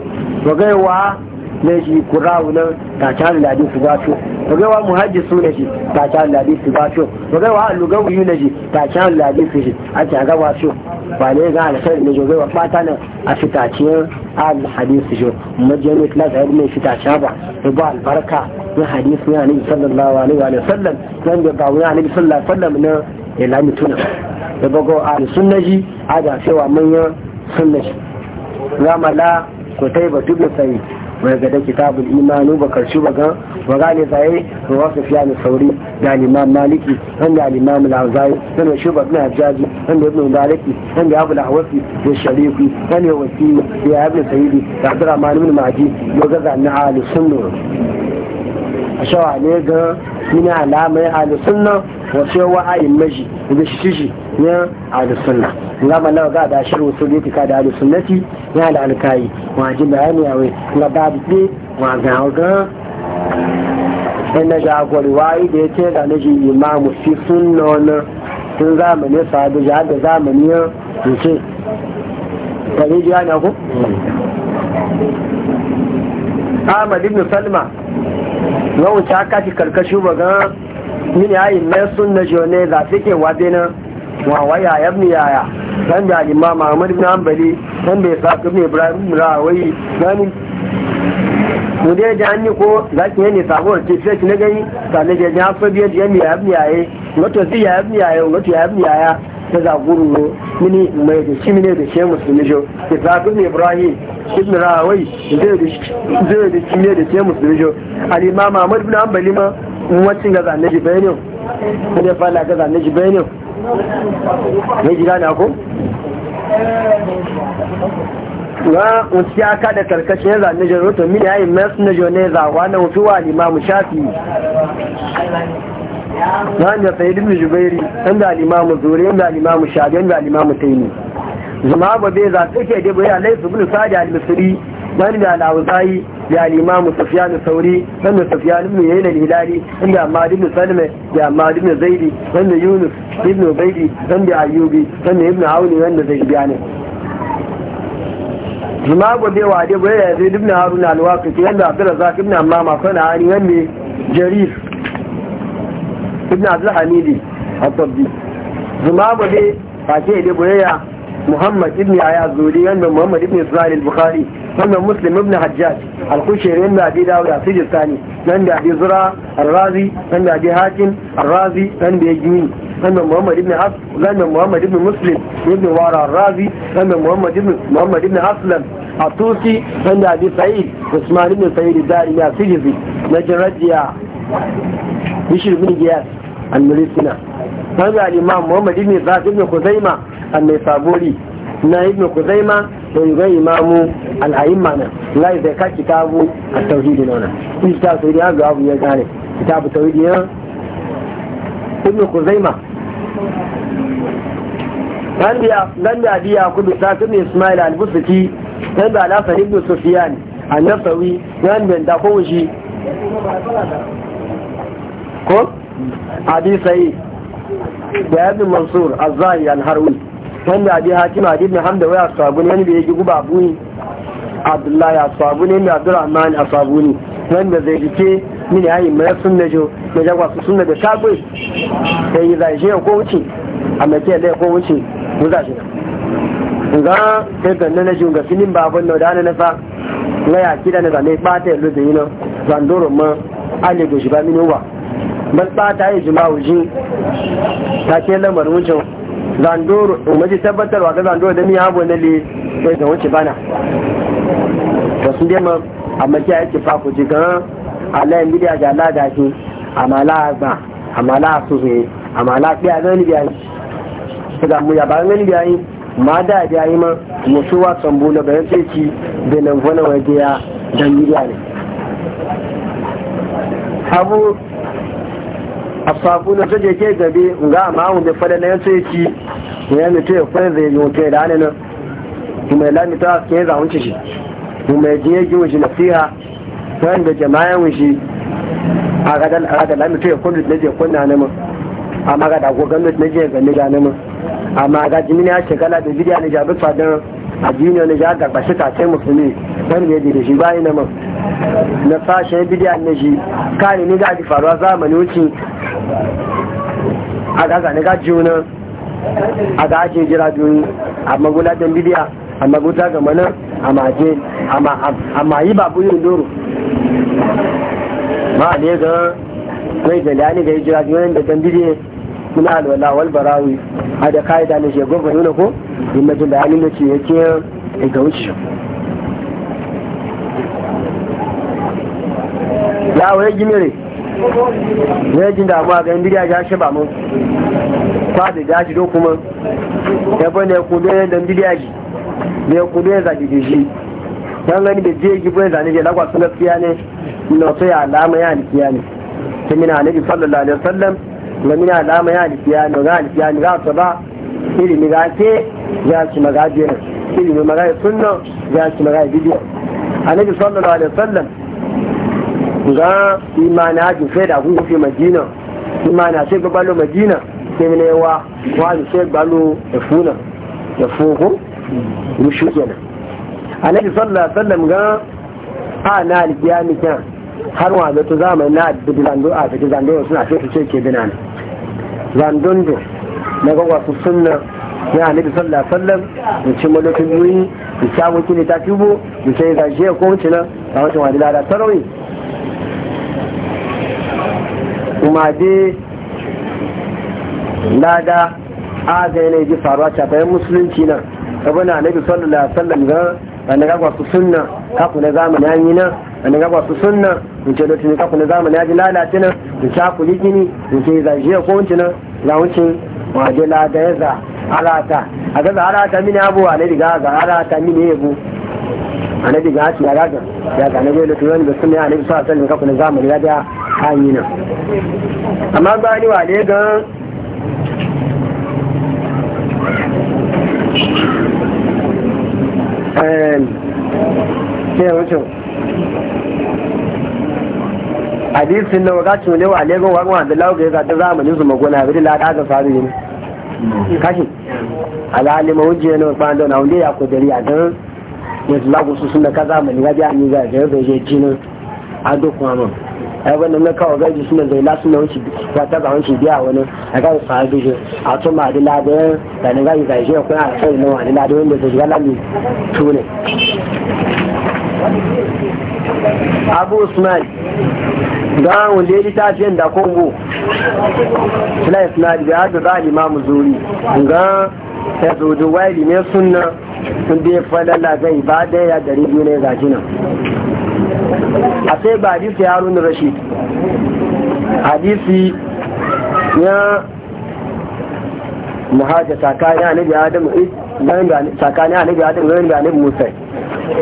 ga wa na shi kurawu nan ta can ladi su ba to magawa muhajji su na shi ta can ladi su ba to magawa alugawu yi na shi ta can ladi su shi a can gaba to ba ne ga alkhairu na jogai wa fata nan a fitaciyar al hadisu shi majiyar ikhlas a mai fitaciya ba ya ba albarka na hadisu ya nabi sallallahu alaihi wa sallam nan da ba wani nabi sallallahu alaihi wa na ya lami tuna ya bago a sunna shi a da cewa manyan sunna shi ramala ko taiba duk da sayi wai ga da kitabul imanu ba karshi ba ga fiya sauri da liman maliki ɗan da liman mulazai ɗan da shubar na hajjaji ɗan da ibn maliki da da shariki da da da maji na ne ga alamai wasu yawa a yin maji da shi shi ya ahlu sunna nga ma na ga da shiru su ne tika da ahlu sunnati ya da alkai wa ji bayani yawe na babu ne wa ga ga ina ga gwalwai da yake da naji imamu fi sunna na tun zamani da ya da zamani ya ce tare ji yana ku Ahmad ibn Salma yawon ta kashi karkashin bagan mini ayi mai sunna jone za su ke wabe nan wawa yaya ibn yaya dan da imam Muhammad ibn Hanbali dan da Isaac ibn Ibrahim Rawayi dan mu dai da an yi ko za ki ne sabuwar ce sai ki na gani ta ne ga ya so biye da yaya ibn yaya wato sai yaya ibn yaya wato yaya ibn yaya ta zaguru ne mini mai da shi mini da shi musulmi jo Isaac ibn Ibrahim ibn Rawayi zai da shi da shi ne da shi musulmi jo al-imam Muhammad ibn Hanbali ma wacin ga zane shi bayanin wani fala ga zane shi bayanin mai jira na ko? na wuce aka da karkashin zane shi roto mini ya yi masu na jone zawa na wufi wa limamu shafi na hanyar sayi dubu jubairi ɗan da limamu zuri ɗan da limamu shafi ɗan da limamu taimi zama ba bai za su ke dai bayan alaisu bin sadi al-misri wani da al'awuzai da al'imamu na sauri wanda sufiyanu mai yayin al'ilari inda amma ibn salme da amma ibn zaidi wanda yunus ibn ubaidi wanda ayyubi wanda ibn auni wanda zai biya ne jima gobe wa dai gobe da zai ibn harun alwaqi ke wanda abdurrazzaq ibn amma ma kana ani wanda jarir ibn abdul hamidi a tabbi gobe fa ke dai gobe muhammad ibn ayazuri wannan muhammad ibn isra'il al-bukhari wannan muslim ibn hajjaj al-kushairi ibn abi dawud as-sijistani nan da abi zura razi nan da abi hakim razi nan da yajini wannan muhammad ibn muslim ibn wara ar-razi wannan muhammad ibn muhammad ibn aslam atusi nan sa'id usman ibn na bishir giyas المريسنا هذا الإمام محمد بن إسحاق بن خزيمة النيسابوري na ibn kuzaima da yuga imamu al'aimma na lai zai ka kitabu a tauhidi nona in kitabu tauhidi an abu ya gane kitabu tauhidi ya ibn kuzaima dan da biya kudu ta kuma ismail al-busuki dan da alasan ibn sufyan an-nasawi dan da kowace ko hadith sai da ibn mansur azai al-harwi wanda hadith hakim hadith ibn hamda waya sabu ne bai yi guba abuni abdullahi asabu ne mai abdurrahman asabu ne wanda zai jike mini yayi mai sunna jo mai jagwa su sunna da shagwe sai yi zai je ko wuce a mai da ko wuce mu za shi ga sai ganna na jin ga filin babun da dana na fa ga ya kida na zane bata yallo da yi na zandoro ma ale go shi ba mini wa man ta yi jima wuji ta ke lamar wucin zandoro umarci tabbatarwa ga zandoro da miya abu na le ya ga wuce bana da su dema a maki yake faku ji gan alayin bidiya ga lada shi a amala gba amala su zuye amala fiya gani biya yi su ga mu yaba gani biya yi ma da biya yi ma musu wa sambo na bayan sai ci da nan wani wajen ya dan bidiya ne abu asafuna na je ke gabe nga ma hun da fada na yace ki ne ne te fa zai yi wuce da nan kuma la mi ta ke za hunci shi kuma je ji wuce nasiha wanda jama'a wuce a ga dan a ga la mi te ko da je ko na nan amma ga da go gwamnati ne je ga ni ga nan amma ga jimini a shekala da bidiya ne jabi fadan addini wani ja gaba shi kacai musulmi wani ne da shi bayi na na sashen bidiya na shi kare ni di faruwa zamani wuce a ga ni ga juna a ga ake jira biyu a magulatan bidiya a maguta ga mana a maje a mayi babu yin doro ma ne ga kai da lani ga jira biyu da dan bidiya mun alwala wal barawi a da kaida ne shi gobe ne ko in majin da halin da ce yake ga wuce ya waye gimire ne jin damuwa ga indiya ya shi ba mun kwadi da shi do kuma ya bane ku da da indiya ji ne ku da za ki shi dan gani da je ki bai zane je lagwa sun gaskiya ne ina so ya alama ya alkiya ne ta mina annabi sallallahu alaihi wasallam lamina alama ya alfiya no ga alfiya ni ga saba ni ga ke ya ci magaje ni magaje sunna ya ci magaje bidiyo annabi sallallahu alaihi wasallam ga imana ji sai da ku fi madina imana a sai gbalo madina sai ne wa wani sai gbalo da funa da fuku rushe kenan annabi sallallahu alaihi wasallam ga ana ni kan har wa zato zamani na da a da zando suna sai su ce ke bina ne dundu na ga wasu sunna na annabi sallallahu sallam da cin malakin yuyi da shawo kine ta tubo da sai ga shi ya kowace nan ta wuce wani lada tarawi kuma dai lada ga yanayi ji faruwa cafayen musulunci nan kabana annabi sallallahu alaihi wasallam ga annabi wasu sunna kafu na zamani an yi nan an ga wasu sunna in ce lokacin ka kuna zamani ya ji lalace nan in sha ku gini in ce za je ko wuce nan za wuce wa ji la ya za alata a ga za alata mini abuwa ne diga za alata mini bu, a na diga ci ya gaga ya ga na gelo wani da sunna ya ne sa sallin ka kuna zamani ya ga hanyi nan amma ba ni wa ne ga eh sai wuce hadisin na waga cin lewa legon wagon wanda lauga ya zaɗi zamanin su magona faru kashi alhali ya kudari a don yanzu lagu su sun da ka zamani a jini a duk waman ai wanda na kawo gaji suna zai lasu na wuce biya wani a ga su a tun ma da da gaji kuna a na zai gala tune abu usman ga wanda ya littafin da kongo slice na da ya da mu zuri ga ya zo da waili ne inda ya falala ba ibada ya dari biyu ne ga jinan a sai ba hadisi ya harun rashid hadisi ya muhajja tsakanin annabi adam tsakanin annabi Adamu, ne da annabi musa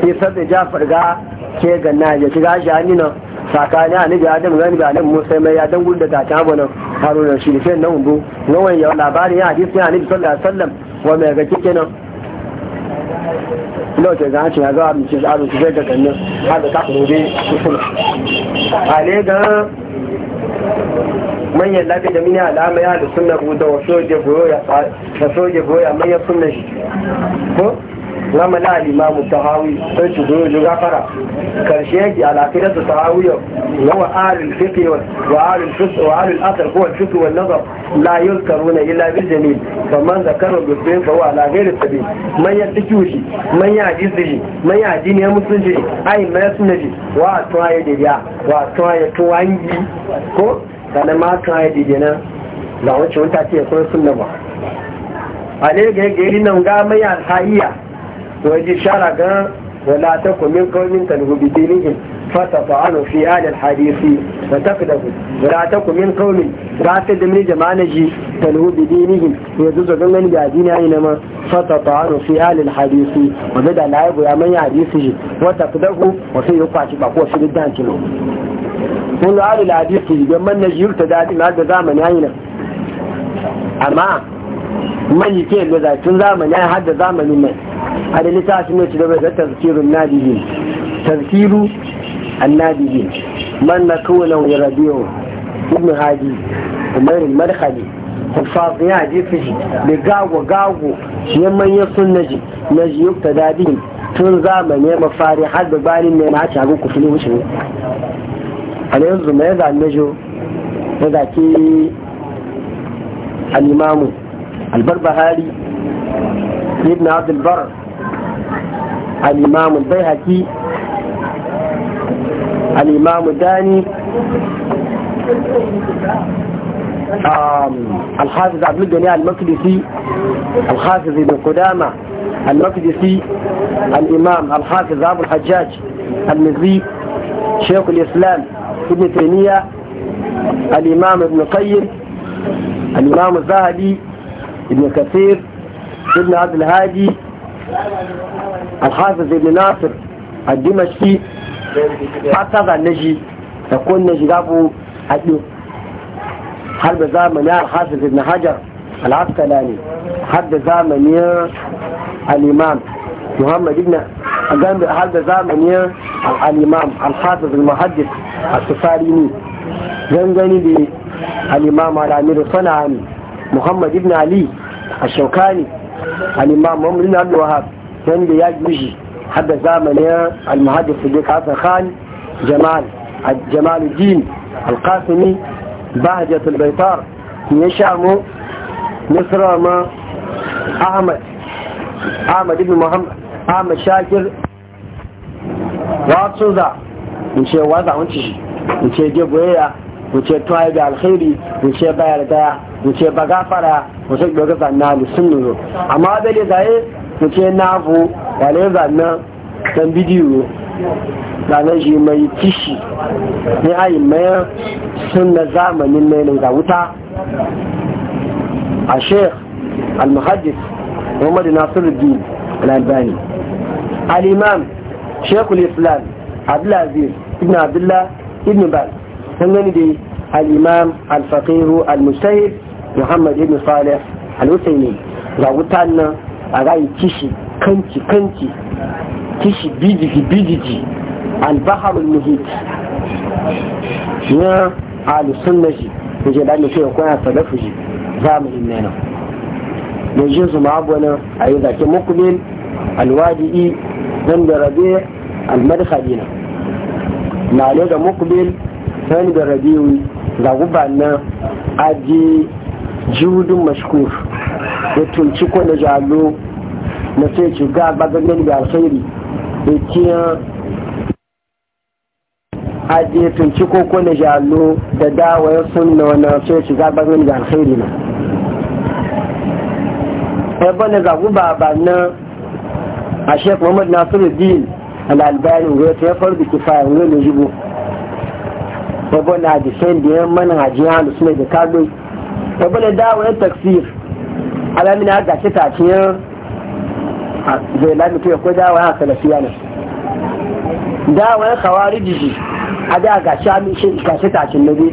sai sabbi jafar ga ke ganna ya shiga shi hannu sakani a nabi adam gani ga nan musa mai ya dan da ta tabo nan haruna shi ne nan hundu nawan ya labari ya hadisi ya nabi sallallahu alaihi wasallam wa mai ga kike nan lo ke ga shi ya ga mu ci aro shi ga ganin har da ka ku dai ale ga manyan labi da mini alama ya da sunna ku da wasu goyo ya da manyan sunna shi ko na mala alimamu hawi sai ci zuwa ju gafara karshe yake alakirar da yau na wa alil fiqh wa alil fiqh wa alil asar ko fiqh wa nazar la yuzkaruna illa bil jamil ba man zakara bi fi fa wa ala ghairi sabil man yattaki shi man ya hadisi man ya dini ya musulunci ai man sunnaji wa tuwaye da ya wa a tuwaye tuwangi ko sanan ma tuwaye da kenan za wuce wuta ce ko suna ba ale ga yi gari nan ga mai alhaiya ويجي شارع ولا تكن من قوم تلهو بدينهم فتطعنوا في آل الحديث فتقدموا ولا تكن من قوم راتد من جماعنا جي تلهو بدينهم ويجوز من يعدين أينما فتطعنوا في آل الحديث وبدأ العيب ويامن حديث جي وتقدموا وفي يقع بقوة في الدان تلهو قولوا آل الحديث جي قمنا جي يلتدى ما هذا زامن أينما أما man yi ke gaza tun zamani ya hada zamani mai a da littafi mai cigaba da tazkirun nadihin tazkiru annadihin man na kawai nan ya rabiyo ibn hadi umar madkhali kufafi ya je fushi da gago gago ya manya sun naji naji yau ta dadi tun zamani mafari har da bani mai na haci abin kufin wucin a yanzu mai zanejo da zaki alimamu البربهاري ابن عبد البر الإمام البيهقي الإمام الداني الحافظ عبد الجنيه المقدسي الحافظ ابن قدامة المقدسي الإمام الحافظ أبو الحجاج المزي شيخ الإسلام ابن تيمية الإمام ابن قيم الإمام الذهبي ابن كثير ابن عبد الهادي الحافظ ابن ناصر الدمشقي حسب النجي يكون نجي جابوا حدو حرب يا الحافظ ابن حجر العسقلاني حرب زمن الإمام محمد ابن جنب هذا يا الإمام الحافظ المحدث السفاريني جنبني الإمام امير الصنعاني محمد بن علي الشوكاني الامام امام ممرين عبد الوهاب كان يجلس حد زمن المحدث صديق عبد خان جمال جمال الدين القاسمي بهجة البيطار يشام نصر ما احمد احمد بن محمد احمد شاكر واتسو ذا انشي وضع انشي انشي جبوية انشي توايد الخيري انشي بايل دايه wuce ba gafara wuce ɗoga zanna da sun nuno amma da ne zaye wuce na bu wale zanna dan bidiyo zanen shi mai kishi ne ayi mayan sun na zamanin mai ga wuta a sheikh al-muhaddis muhammad nasiruddin al-albani al-imam sheikh al-islam abdulaziz ibn abdullah ibn bal sun gani dai al-imam al-faqiru al-mustahid muhammad ibn salih al-husaini ga wutan nan a rayu kishi kanci kanci kishi bidigi bidigi al-baharul muhit na alusunna je da ke dami ce kuna sadafu shi zamanin nena da shi su ayi a yi mukmin mukumin wadii dan da al almadkhali na na da mukumin dan da rabiwi ga gubanna aji juhudun mashkur ya tunci kwada jalo na sai ce ga bagagen da alkhairi da kiyan aje tunci ko kwada jalo da dawayar sunna wannan sai ce ga bagagen da alkhairi na ebe na zagu ba na a shek muhammad suna din al'albayanin ya ta ya farbi kifaya wani jibo ebe na da sai da yan manhajiyar da suna da kagoi tabbala dawo ya taksir alamina ya gashi a zai lamitu ya ko dawo ya salafiya ne dawo ya kawari jiji a da gashi ga shi tacin nabi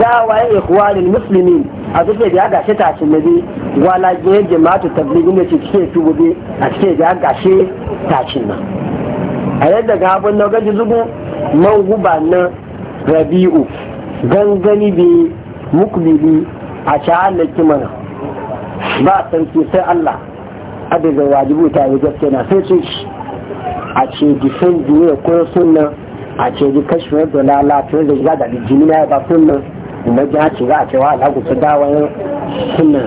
dawo ya ikhwanin musulmi a duk da ya gashi tacin nabi wala je jama'atu tabligi ne ce ce su gobe a cike da ya gashi tacin nan a yadda ga abin na gaji zugu man guba na rabi'u gangani bi mukmili a ci halaki mana ba a sarki sai Allah abin da wajibu ta yi gaske na sai ce a ce ji sun juye ko sunna a ce ji kashe da lalatun da ya da jini na ba sunna kuma ji haci za a ce wa Allah ku dawa ya sunna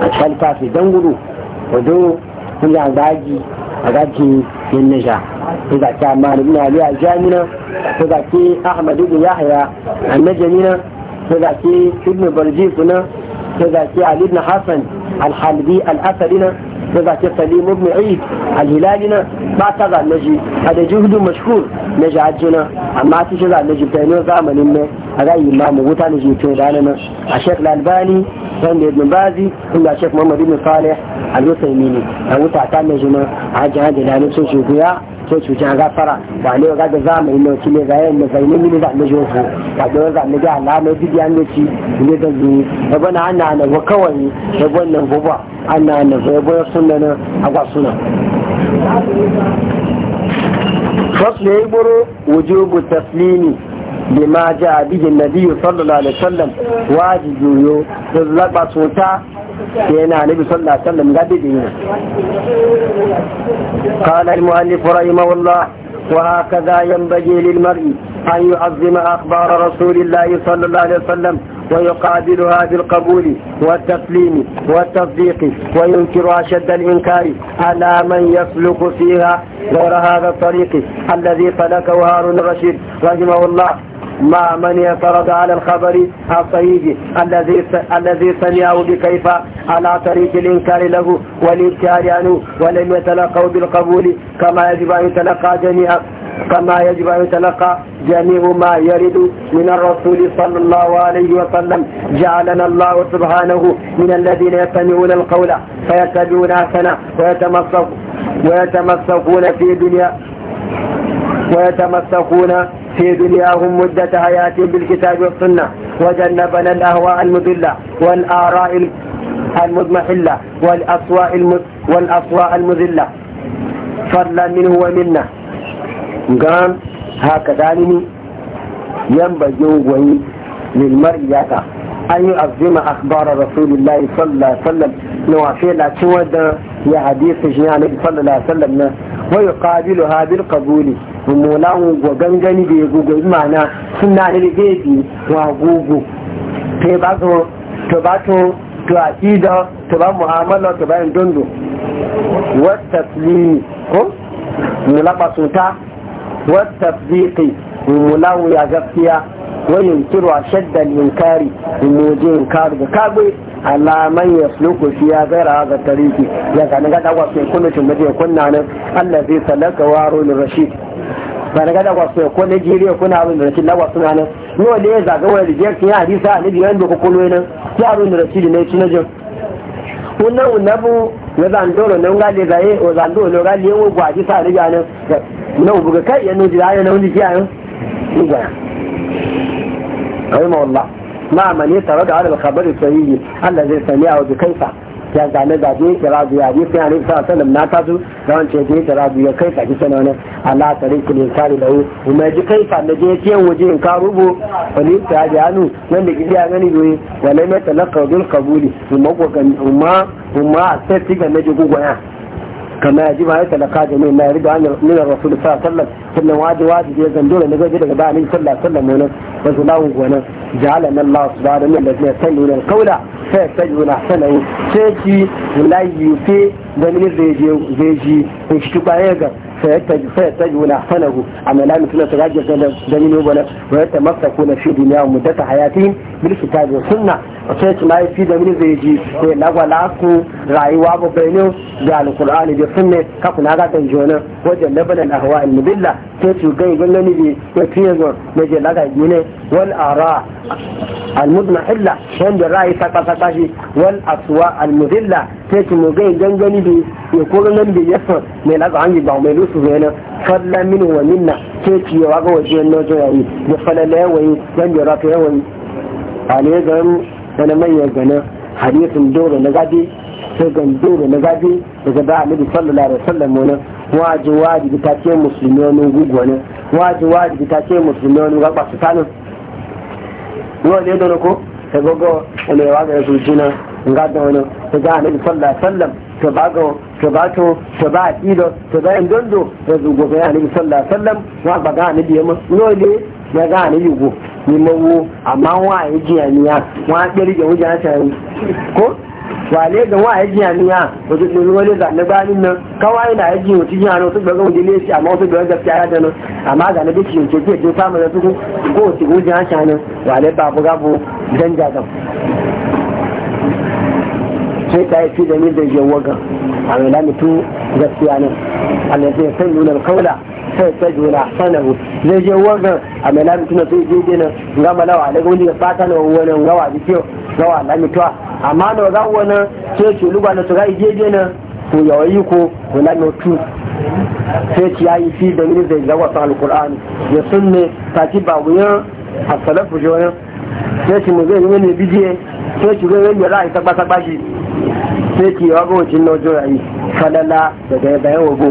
a ci fi don gudu wajen kuma gaji a gaji yin nisha ta zaki amma da ina aliyu a jami'ina ta zaki ahmadu da yahaya a najamina كذا ابن برجيس هنا كي علي بن حسن الحالبي الأثرنا كذا كي سليم بن عيد الهلالنا ما كذا نجي هذا جهد مشكور نجي عجنا أما تشذا نجي بتانيو زامن إنه هذا إمام وغوتا نجي توداننا الشيخ الألباني سند ابن بازي ثم الشيخ محمد بن صالح الوسيميني وغوتا كان نجينا عجنا دلاني فيها so cuci a gafara ba ne ga da zamani ne ki ne ga yan ne zai ne da ne jo ko ba da wanzu ne ga Allah ne bidiya ne ci ne da zuwa ya bana ana na ga kawai ya wannan gaba ana ne zai boye suna. a ga sunna جاء به النبي صلى الله عليه وسلم واجب يو تزلق بسوطة كينا النبي صلى الله عليه وسلم قد دينا قال المؤلف رحمه الله وهكذا ينبغي للمرء أن يعظم أخبار رسول الله صلى الله عليه وسلم ويقابلها بالقبول والتسليم والتصديق وينكر أشد الإنكار على من يسلك فيها غير هذا الطريق الذي سلكه هارون الرشيد رحمه الله مع من يترد على الخبر الصحيح الذي الذي سمعه بكيف على طريق الإنكار له والإنكار عنه ولم يتلقوا بالقبول كما يجب أن يتلقى جميع كما يجب أن يتلقى جميع ما يرد من الرسول صلى الله عليه وسلم جعلنا الله سبحانه من الذين يستمعون القول فيتبعون أحسنه ويتمسك ويتمسكون في الدنيا ويتمسكون في دنياهم مدة حياتهم بالكتاب والسنة وجنبنا الأهواء المضلة والآراء المضمحلة والأصواء والأصواء المذلة فضلا منه ومنا قام هكذا لني ينبغي وهي للمرء ذاته أن يعظم أخبار رسول الله صلى الله عليه وسلم نوافيه لا تود يا حديث جنانك صلى الله عليه وسلم ويقابلها بالقبول molahu go gangani da yago go imana suna da gebi wa gogo te ba go to ba to to aqida to ba mu'amala to ba dondo wa taslimi ko mulaba sunta wa tasdiqi molahu ya gaskiya wa yunkiru ashadda al-inkari mujin inkari da kagwe alaman ya sluku shi ya gaira ga tariki ya ga daga da wasu kullum da kunna nan allazi salaka waro rashid ba na gada wasu ko Najeriya ko na abin da rashin lagwa suna nan yau da ya zaga wani rijiyar ya hadisa a nigeria da kokolo nan sai abin da rashin ne na jin wannan unabu ya zandoro nan gale zaye o zandoro nan gale yawo gwa hadisa a nan na buga kai ya jira da ya nan jiya nan wallah ma ya gane da je kira biya ji sai alif sa sallam na tazo da wance je kira biya kai ka ji sanan Allah tarikul insani lahu kuma ji kai fa je ce waje in ka rubo wani ta ji anu nan da kidiya gani doyi wala mai talaqqa bil qabuli kuma umma umma sai tiga na ji gugu ya kama ya ji ba ya talaka da mai mai riba min rasul sallallahu alaihi wasallam sannan waji waji ya zando ne gaji daga ba ni sallallahu alaihi wasallam ne wa zulahu gona ja'alana Allah subhanahu wa ta'ala yasalluna alqawla fa yasalluna ahsanahu sai ki wallahi yufi da min zai zai ji shi ba ya ga فيتجون أحسنه أما لا مثل تغجر دليل ولا ويتمسكون في دنياهم مدة حياتهم بالكتاب والسنة وسيت ما في دليل زيجي إيه، لا ولا كو رأي وابو بينه جاء القرآن بالسنة كفنا هذا تنجونا وجنبنا الأهواء المدلة سيت يقول يقول نبي يتيزون نجي لغا يجيني والآراء إلا عند الرأي سكا سكا والأسواء المدلة المذلة سيت يقول يقول نبي يسر من الأزعان عندي ميلوس su yana falla min wa minna ke ciyewa ga waje yan nojo yayi da falala yawayi yan jira a yawayi ale gan wani manyan gana hadisin dole na gabe sai gan dole na daga da sallallahu alaihi wasallam wani waje ta ce musulmi wani waje ta ce musulmi wani gaba su tanin yau ne da ko tobago tobato toba ido toba indondo da zugo ga annabi sallallahu alaihi wasallam wa ba ga annabi yamma lole ya ga annabi yugo ni mawo amma wa ya ji aniya wa dari ga wuja ta ko wale ga wa ya ji aniya wato ne wale da na banin nan kawai na ya ji wuci ji ano su ga wanda ne shi amma ga gaskiya ya dano amma ga na bishi ke ke ta mu da su ko su wuja ta nan wale ba bu ga bu danja ga sai ta yi fi da ni da yawagan a mai lamitu gaskiya ne Allah zai san nuna kaula sai sai juna sanahu zai je wagan a mai lamitu na sai jeje na ga malawa daga wani ya fata na wani gawa da kyau gawa lamituwa amma na ga wani sai ce luba na su ga jeje na ko yawayi ko ko lamitu sai ci yi fi da ni da yawasan alkur'ani ya ne ta ci ba wuyan asalafu joyan sai mu zai wani bidiye sai ki zai rage ra'ayi ta basa bashi sai ki yawa gawacin na wajen ra'ayi falala daga bayan wago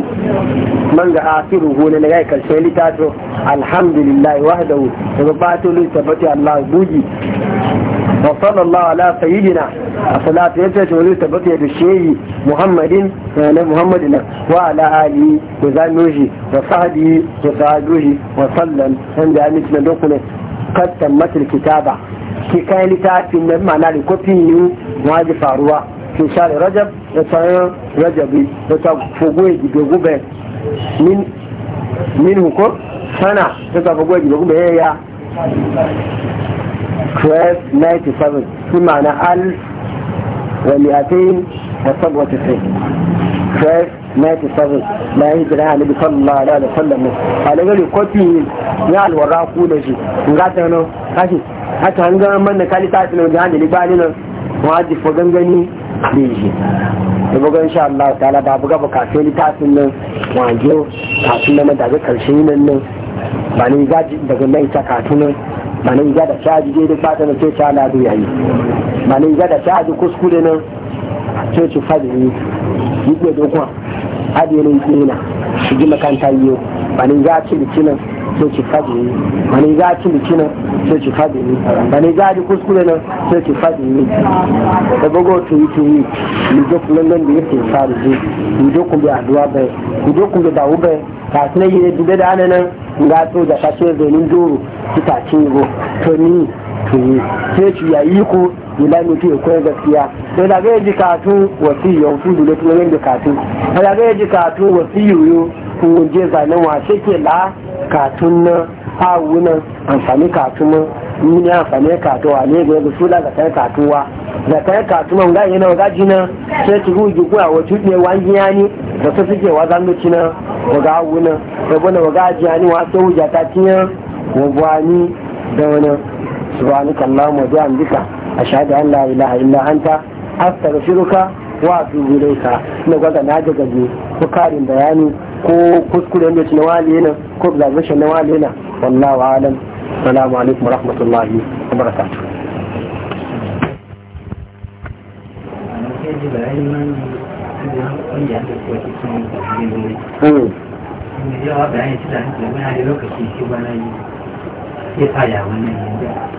man ga asiru hune na yayi karshe litato alhamdulillah wahdahu da bato lu tabbati allah buji wa sallallahu ala sayyidina as-salatu yace to lu tabbati da shehi muhammadin na muhammadin wa ala alihi da zanuji wa sahbihi da sahaduji wa sallam san da amince da dokune qad tammatil kitaba ki kai littafin nan ma'ana da kofi ne waje faruwa ki share rajab da tsayin rajabi da ta fogoye gibe gube min hukur? hukum sana da ta fogoye gibe gube ya 1297 shi ma'ana alf wa mi'atain da sabwa 97 na hijira a nabi sallallahu alaihi wa sallam a lagari kofi ya alwara ku da shi in ga ta nan kashi haka an gama manna kali ta tsinan da hannun libani nan wa haji fa gangani da shi da bugan insha Allah ta'ala ba buga bukatun littafin nan wajo kafin nan daga karshen nan nan ba ne gaji daga nan ita nan, ba ne ga da shaji dai duk fata na sai ta ladu yayi ba ne ga da shaji kuskure nan ce ci fadi jiɓe da kuma adiyanin kina shi ji makanta yiwu za a ci bikinan sai ci faɗi ne Bani za a ci bikinan sai ci faɗi ne Bani za kuskure nan sai ci faɗi ne da bugo to yi to yi mu je kuma nan da yake fara je mu je kuma bai mu je kuma dawo bai ka yi da da ana nan ga to da kashe zainin doro ta cin go to ni sai ci ya yi ko ila mutu ya koyar gaskiya sai da ga yaji katu wasiyu yau su dole kuma yin katu sai da ga ji katu wasiyu yo ko je zanen wa sai ke la katun na na amfani katun na ni ne amfani katu wa ne ga su la ga kai wa da kai katu mun ga yana ga jina sai ci ruji kuwa wato ne wangiya ne da su suke wa zan mutu na ga hawunan da bana ga jiyani wa sai hujata tiyan wa bani da wani subhanaka allahumma wa bihamdika ashhadu an la ilaha illa anta astaghfiruka wa atubu ilayka ina gwada na daga ne ko karin bayani ko kuskure ne na wali ne ko observation na wali ne wallahu alam assalamu alaikum wa rahmatullahi wa wannan yanzu.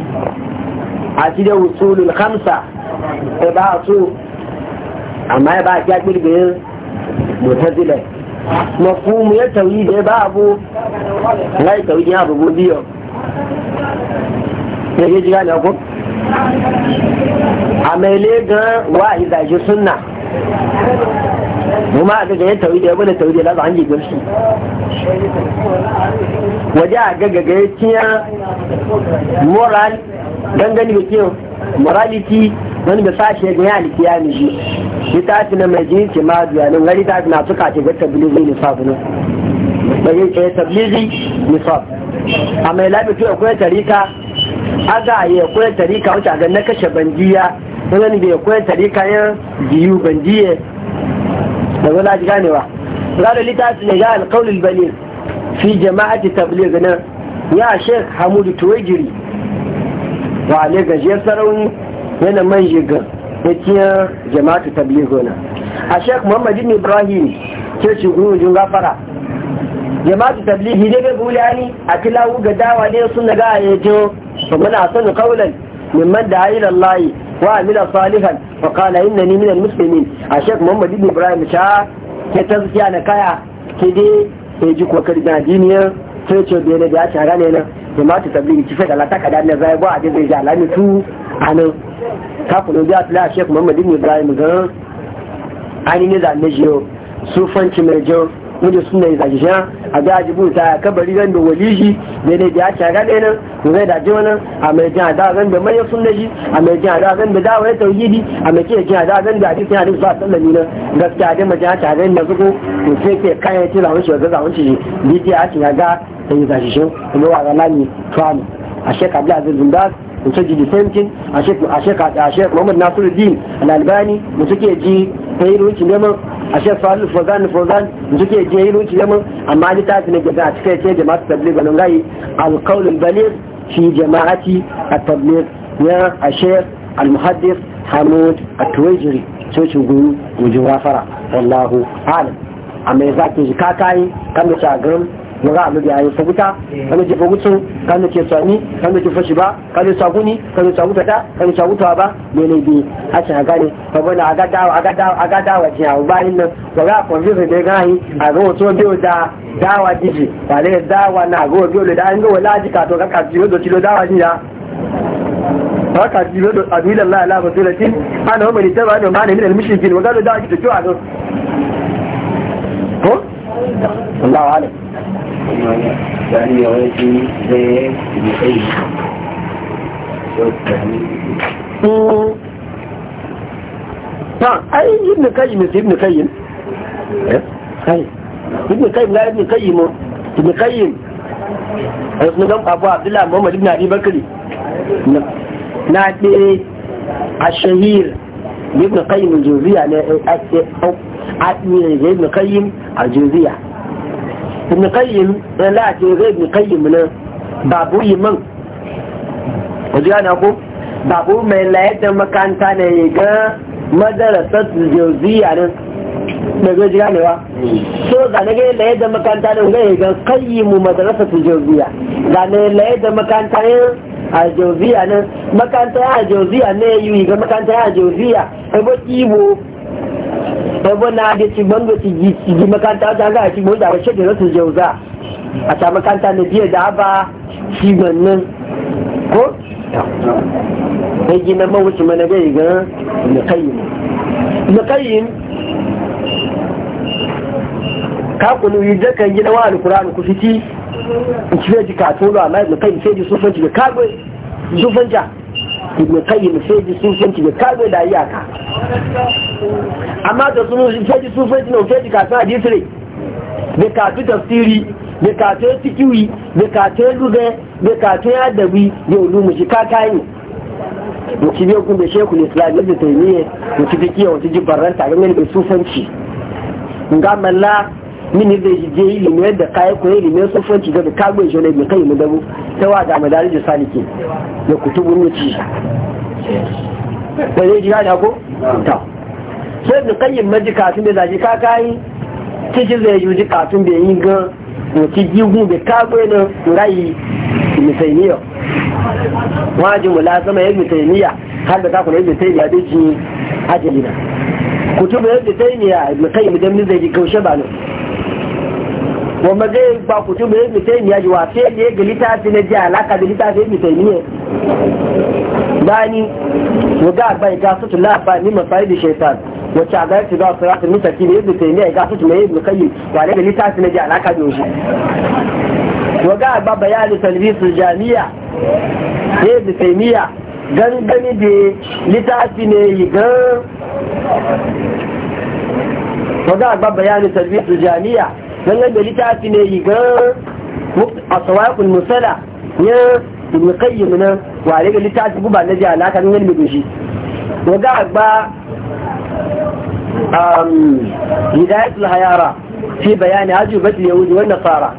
àti dẹ́ wùsùlù hamsa ẹ̀bá àtú àmà ẹ̀bá àti agbègbè mọ̀tẹ́sílẹ̀ mọ̀fúnmu yẹ tàwí ìdẹ́ bá àbú láì tàwí ní àbùkù bí yọ. ẹ̀yẹ́ jìgá ní ọkọ́ àmà ilé gan wà ìdàjú súnà mo máa gẹ́gẹ́ yẹ tàwí ìdẹ́ bọ́lẹ̀ tàwí ìdẹ́ lábàá ń jẹ gbẹ́sì wọ́n jẹ́ àgẹ́gẹ́gẹ́ tíyàn moral dangane da kiyo morality wani da sashe ga ya ya ne shi ta na mai jini ce ma biya nan gari ta na suka ce ga tablizi ne sabu ne yi ce tablizi ne sabu a mai labi tuwa kuwa tarika a ga yi kuwa tarika wata a ga na kashe bandiya wani da ya kuwa tarika yan biyu bandiya da wala ji ganewa gado littafi ne ga alkaulul balin fi jama'ati tabligh nan ya shek hamudu tuwajiri wa ne gajiyar sarauni yana man shiga ya kiyar jama'atu na a sheik muhammadin ibrahim kirci gungun gafara jama'atu tablihi ne ga bulani a kilawu ga dawa ne sun daga a jiyo ba muna son kaulan mimman da ayi lallahi wa amina salihan wa na ni minan musulmi a sheik muhammadin ibrahim sha ke tazkiya na kaya ke dai ke ji kwakar jajiniyar sai ce bene da ya shara ne nan da mata tabbini kife da lataka da na zai ba a dai ja ni tu anan kafin da ta la Sheikh Muhammad ibn Ibrahim ga ani ne da ne jiyo sufanci mai jiyo wajen suna yi zaki shan a ga aji buta ta kabari zan da wali shi da ne da ya ci ga ɗaya nan zai daji wani a mai jin ada zan da manyan da shi a mai jin ada zan da dawa ya tauye bi a mai ke jin ada zan da hadisi hadisi zuwa sallami nan gaskiya da mai jin ada zan da zuko to sai ke kayan ce zawon shi ga zawon shi bidiyo a ci ga ta yi zaki shi kuma wa ga ne tuwanu a shekar da zunda zundas mutajidi samkin a shekar muhammad nasiru din al'albani mutu ke ji ta yi rukin neman a shek falu fozan fozan suke je yi ruci yamin amma ni littafi ne ga a cikin ce jama'a tabligh ganin gai alqaulul baligh fi jama'ati at-tabligh ya a shek al-muhaddis hamud at-tuwajiri cocin guru gujin wafara wallahu alam amma ya zaki ji kakayi kan da shagan maga alu da yayin sabuta eh. kana ke fagutu kana ke sami kana ke fashi ba kana saguni kana saguta ta kana saguta ba ne ne bi a ci haga ne fa na aga dawa aga dawa ci a bayin nan ga confusion da ga gani a ga wato biyu da dawa jiji ba ne dawa na ga biyu da an ga laji jika to ka ka biyo da tilo dawa ni ya haka jibe da abilan la ala basiratin ana wani mani taba da mana min al-mushrikin wa gado da ake tafiya zo. ko Allah wa alim يعني يوازن ذات بأي طيب، أي ابن قيم مثل ابن قيم أي ابن قيم لا ابن قيم ابن قيم ابن قيم أبو عبد الله محمد ابن أبي بكر نعطي الشهير ابن قيم الجوزية ابن قيم الجوزية ibn qayyim dan eh, la ce ga ibn qayyim ne babu yiman wajen na ko babu mai layar da makanta ne ga madarasar jauziya ne daga jira ne so ga na ga layar da makanta ne ga ga qayyimu madarasar jauziya ga ne layar da makanta ne a jauziya ne makanta a jauziya ne yi ga makanta a jauziya ko kibo ɗago na da ci bango ci gi makanta ta ga ci bango da shaɗe rasu jauza a ta makanta na biya da ba ci gannin ko? ya na mawuci mana gai ga nakayin nakayin ka kunu yi zakan gina wa alkur'an ku fiti in ci fiye jika tolo a mai nakayin sai ji sufanci da kagwai sufanci ibn qayyim sai ji sufanci da kagwai da iyaka amma da sun feji sun feji na feji kasan a disire da kafi tafsiri da kafe tikiwi da kafe lugai da kafe adabi da ulumu shi kakayi mutu biyu kuma da islam yadda ta yi mutu ci kiyo wata jibaran tare mai da sufanci ga malla mini shi je ilimin yadda kayan koyi ilimin sufanci ga da kagon shi ne mai kai mu dabu ta wa da madari da salike da kutubun mutu da zai jira da ko ta sai da kayyar maji kafin da zaji kakayi cikin zai yuji kafin da yi ga wuci gihu da kagwe na rayi mutaniya wajin wula sama yin mutaniya har da kakwai yin mutaniya da ji ajalina kutubu yin mutaniya da mu mutum zai ji kaushe ba nan wọ́n mọ̀ ba gba kùtù yin mutaniya tẹ́ ìyẹn yòówà fẹ́ lé gèlítà sí lè jẹ́ àlákàdé lítà fẹ́ Ba ni wuga báyìí wọ́n gá àgbà ìdá ni láàbà ní mọ̀fáì di wacce a gayar shiga wasu rasu misaki ne yadda taimiyya ga su mai ibn kayyim wane da littafi na ji alaka da shi waga ba bayani talbisu jami'a ne ibn taimiyya gangani da littafi ne yi gan waga ba bayani talbisu jami'a gangani da littafi ne yi gan a sawakul musala ya ibn kayyim nan wane da littafi guba na ji alaka da shi waga ba hidayatul fi bayani ajubatul yahudi wan nasara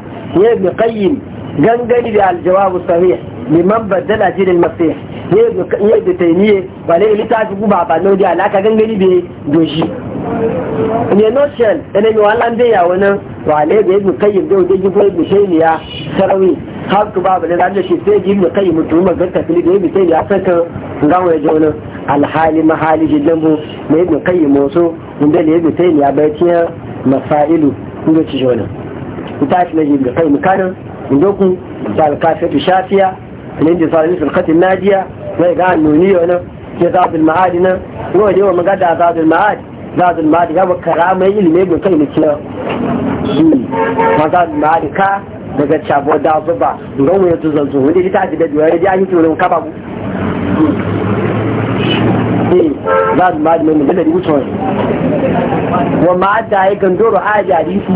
guba ba no da alaka ne da ga da wajen babu da zan shi sai ibn qayyim mutum ga ta fili ya alhali mahali gidan bu na ibn qayyim wasu inda ne ibn taymi ya bayyana masailu kuma ci jona ita ce ne ibn qayyim mukanin inda ku sal kafatu shafiya ne da sal nisal khatin najiya ne ga annuni yana ke zabul ma'ad na ko ne wa magada zabul ma'ad zabul ma'ad ga ba karama ilimi ibn qayyim ce ma zabul ma'ad ka daga chabo da zuba ga ya tuzan zuwa ne ta ji da biyar ya an yi tunanin kababu za su ma da mai mujallari wucewar wa ma ta yi gandoro a jari su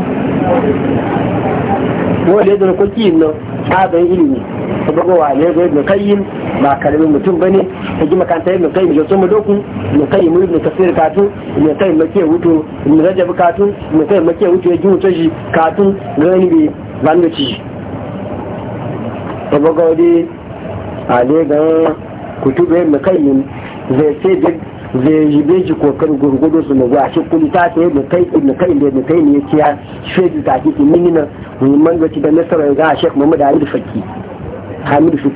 wanda ya zana kwaki yin nan sabon ilimi ta bugowa ne zai mai kayin ba karamin mutum bane ta ji makanta yin kai mai sun madoku mai kai mu ibn kasir katu mai kai make wuto mai rajab katu mai kai make wuto ya ji wuto shi katu gani bi bando ci ta bugowa dai a dai ga kutu bai mai kayin zai sai zai yi beji kokarin gurgudu su na zuwa shi kuli ta ta da kai ibn kai da ibn kai ne ya ce ya shaidu ta ke minina muhimman gaci da nasarar ga shek muhammad hamid fakki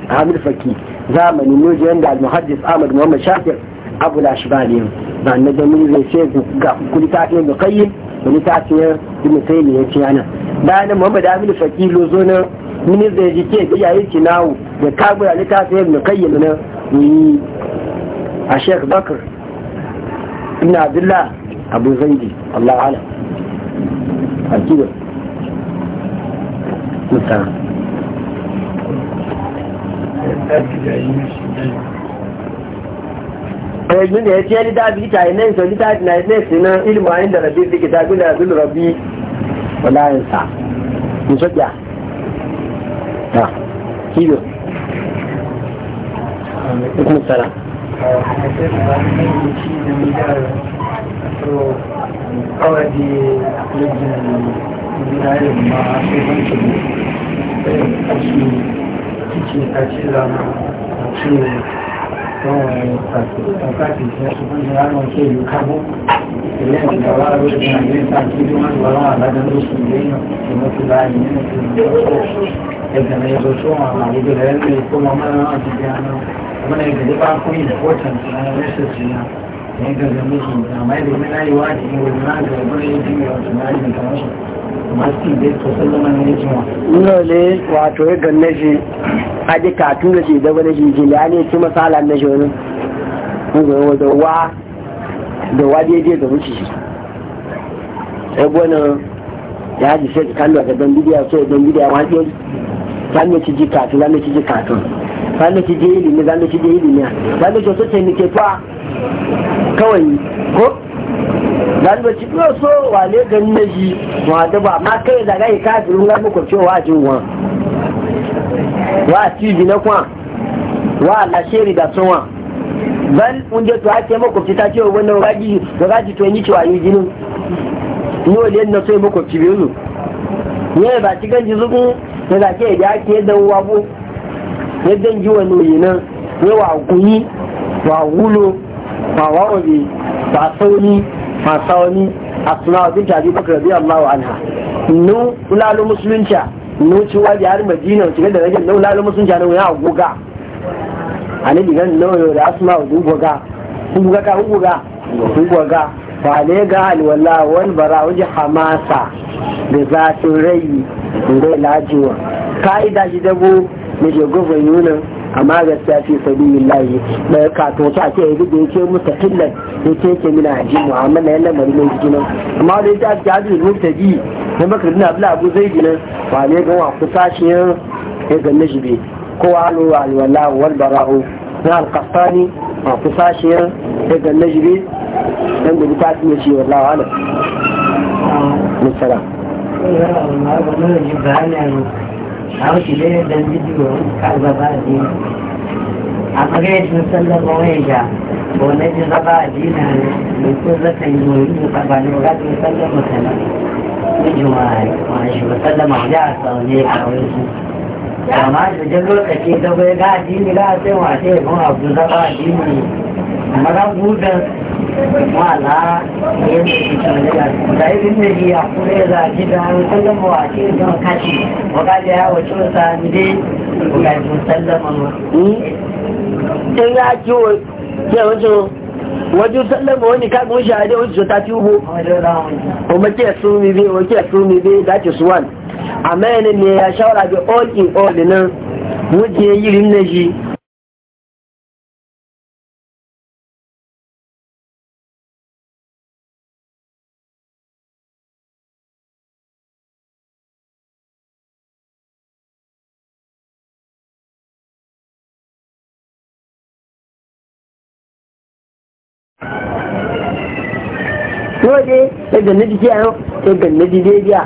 hamid fakki Zamani nojiyar da al-muhaddis ahmad muhammad shafir abu da ba ne ba na da mun zai ce ga kuli ta ta da kai wani ta ta ibn kai ne ya ce yana bayan muhammad hamid fakki lozo na mini zai ji ke da yayin kinawu da kagura ne ta ta yadda kai yana na a shek bakar ابن عبد الله ابو زيدي الله اعلم اكيد مثلا أي من يأتي على داب كتاب نين سوي داب نين نين سنا إل ما عند ربي في كتاب ولا زل ربي ولا إنسا نشجع نعم كيلو السلام kawai da yajin gudanar ma shaibanci ne ɗayan ƙarshe cikin ƙarshe zama ciwo yawon ƙarfi sai su kwanci ranar ke yi kabo ilayen da ba a rufe na yin tsaki don wani balon a ladan rusu da yin mutu da yin yana ke da yadda na yi zo so ma ma gudu da yadda ya koma mara a cikin hannun mana yi gaba ko yi da tsanar rashin suna da ya gaza musu mai domin na yi wa na ga yi jini wata na yi da wasu masu su na yi Ina ne wato ya ganna shi a katun da shi shi jini ya ne masala na shi wani. da wa da wa daidai da wuce shi. Sai gwana ya ji sai ga so wani ci ji katun, ci ji katun. zanda ci je ilimi zanda ci je ilimi zanda ci wasu taimake fa kawai ko zanda ci ɗo so wale gani na ji ma da ba ma kai zaga yi kafirin ga muku cewa a wa. wa ci na kwa wa lasheri da sunwa bal unje to ake makwabci ta ce wannan ragi ragi to ni cewa yi jinin ni wale na so makwabci biyu ne ba ci ganji zugun da zake da ake da wabu yadda ji wani yi nan ya wa kuyi wa wulo wa wa'obi ba sauni ba sauni a suna wa binta ji bakar biya allahu anha nu ulalu musulunci nu ci waje har madina cikin da rage nu ulalu musulunci na wuya guga a ne digan yau da asma wa guga guga ka guga guga ba ne ga alwala wani bara wajen hamasa da zafin rai da lajiwa ka'ida shi dabo na je gwagwai a amma gaskiya fi sabi lillahi da kato ta ce ya gudu yake mustaqillan ke ke mina haji mu'amala yana mari mai yi amma da ta ce hadu murtaji na makar na abla abu zai gina wa ne gawa wa kusa shi ya ganna shi be ko alu alwala wal bara'u na alqastani wa kusa shi ya ganna shi be dan gudu ta ce shi wallahi ala hau shi ne dan bidiyo a magana sun sallama wani ga wani ji zaba a jina mai ko zaka yi mai yi ba ba ne ga sun sallama sana miji ma shi ba sallama ya a sauni a wani su amma da jan lokaci da bai ga a jini ga a sai wa sai kuma abu zaba a jini wala yadda ke canza da ibin da ya kuma ya zaci da an sallama wa ce don kashi waka da ya wace wasa ne waka da sallama ma hmm? in ya ci wa ke wajen wajen sallama wani kagun shahadai wajen ta fi ubo kuma ke su mi bai wa ke su mi bai dace su wani amma ne ya shawara bi all in all nan wajen yi rin na shi dole ya ganna jiki a yau ya ganna jide biya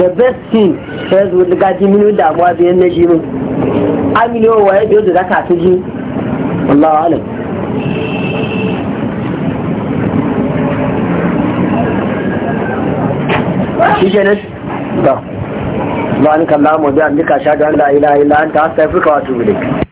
the best thing sai zo da gaji minu damuwa biyan na ji min amino wa ya biyo da zaka ta ji wallahu alam shi ke nan ba ni Allah da an dika shaɗu an la ila illa anta astaghfiruka wa atubu ilayk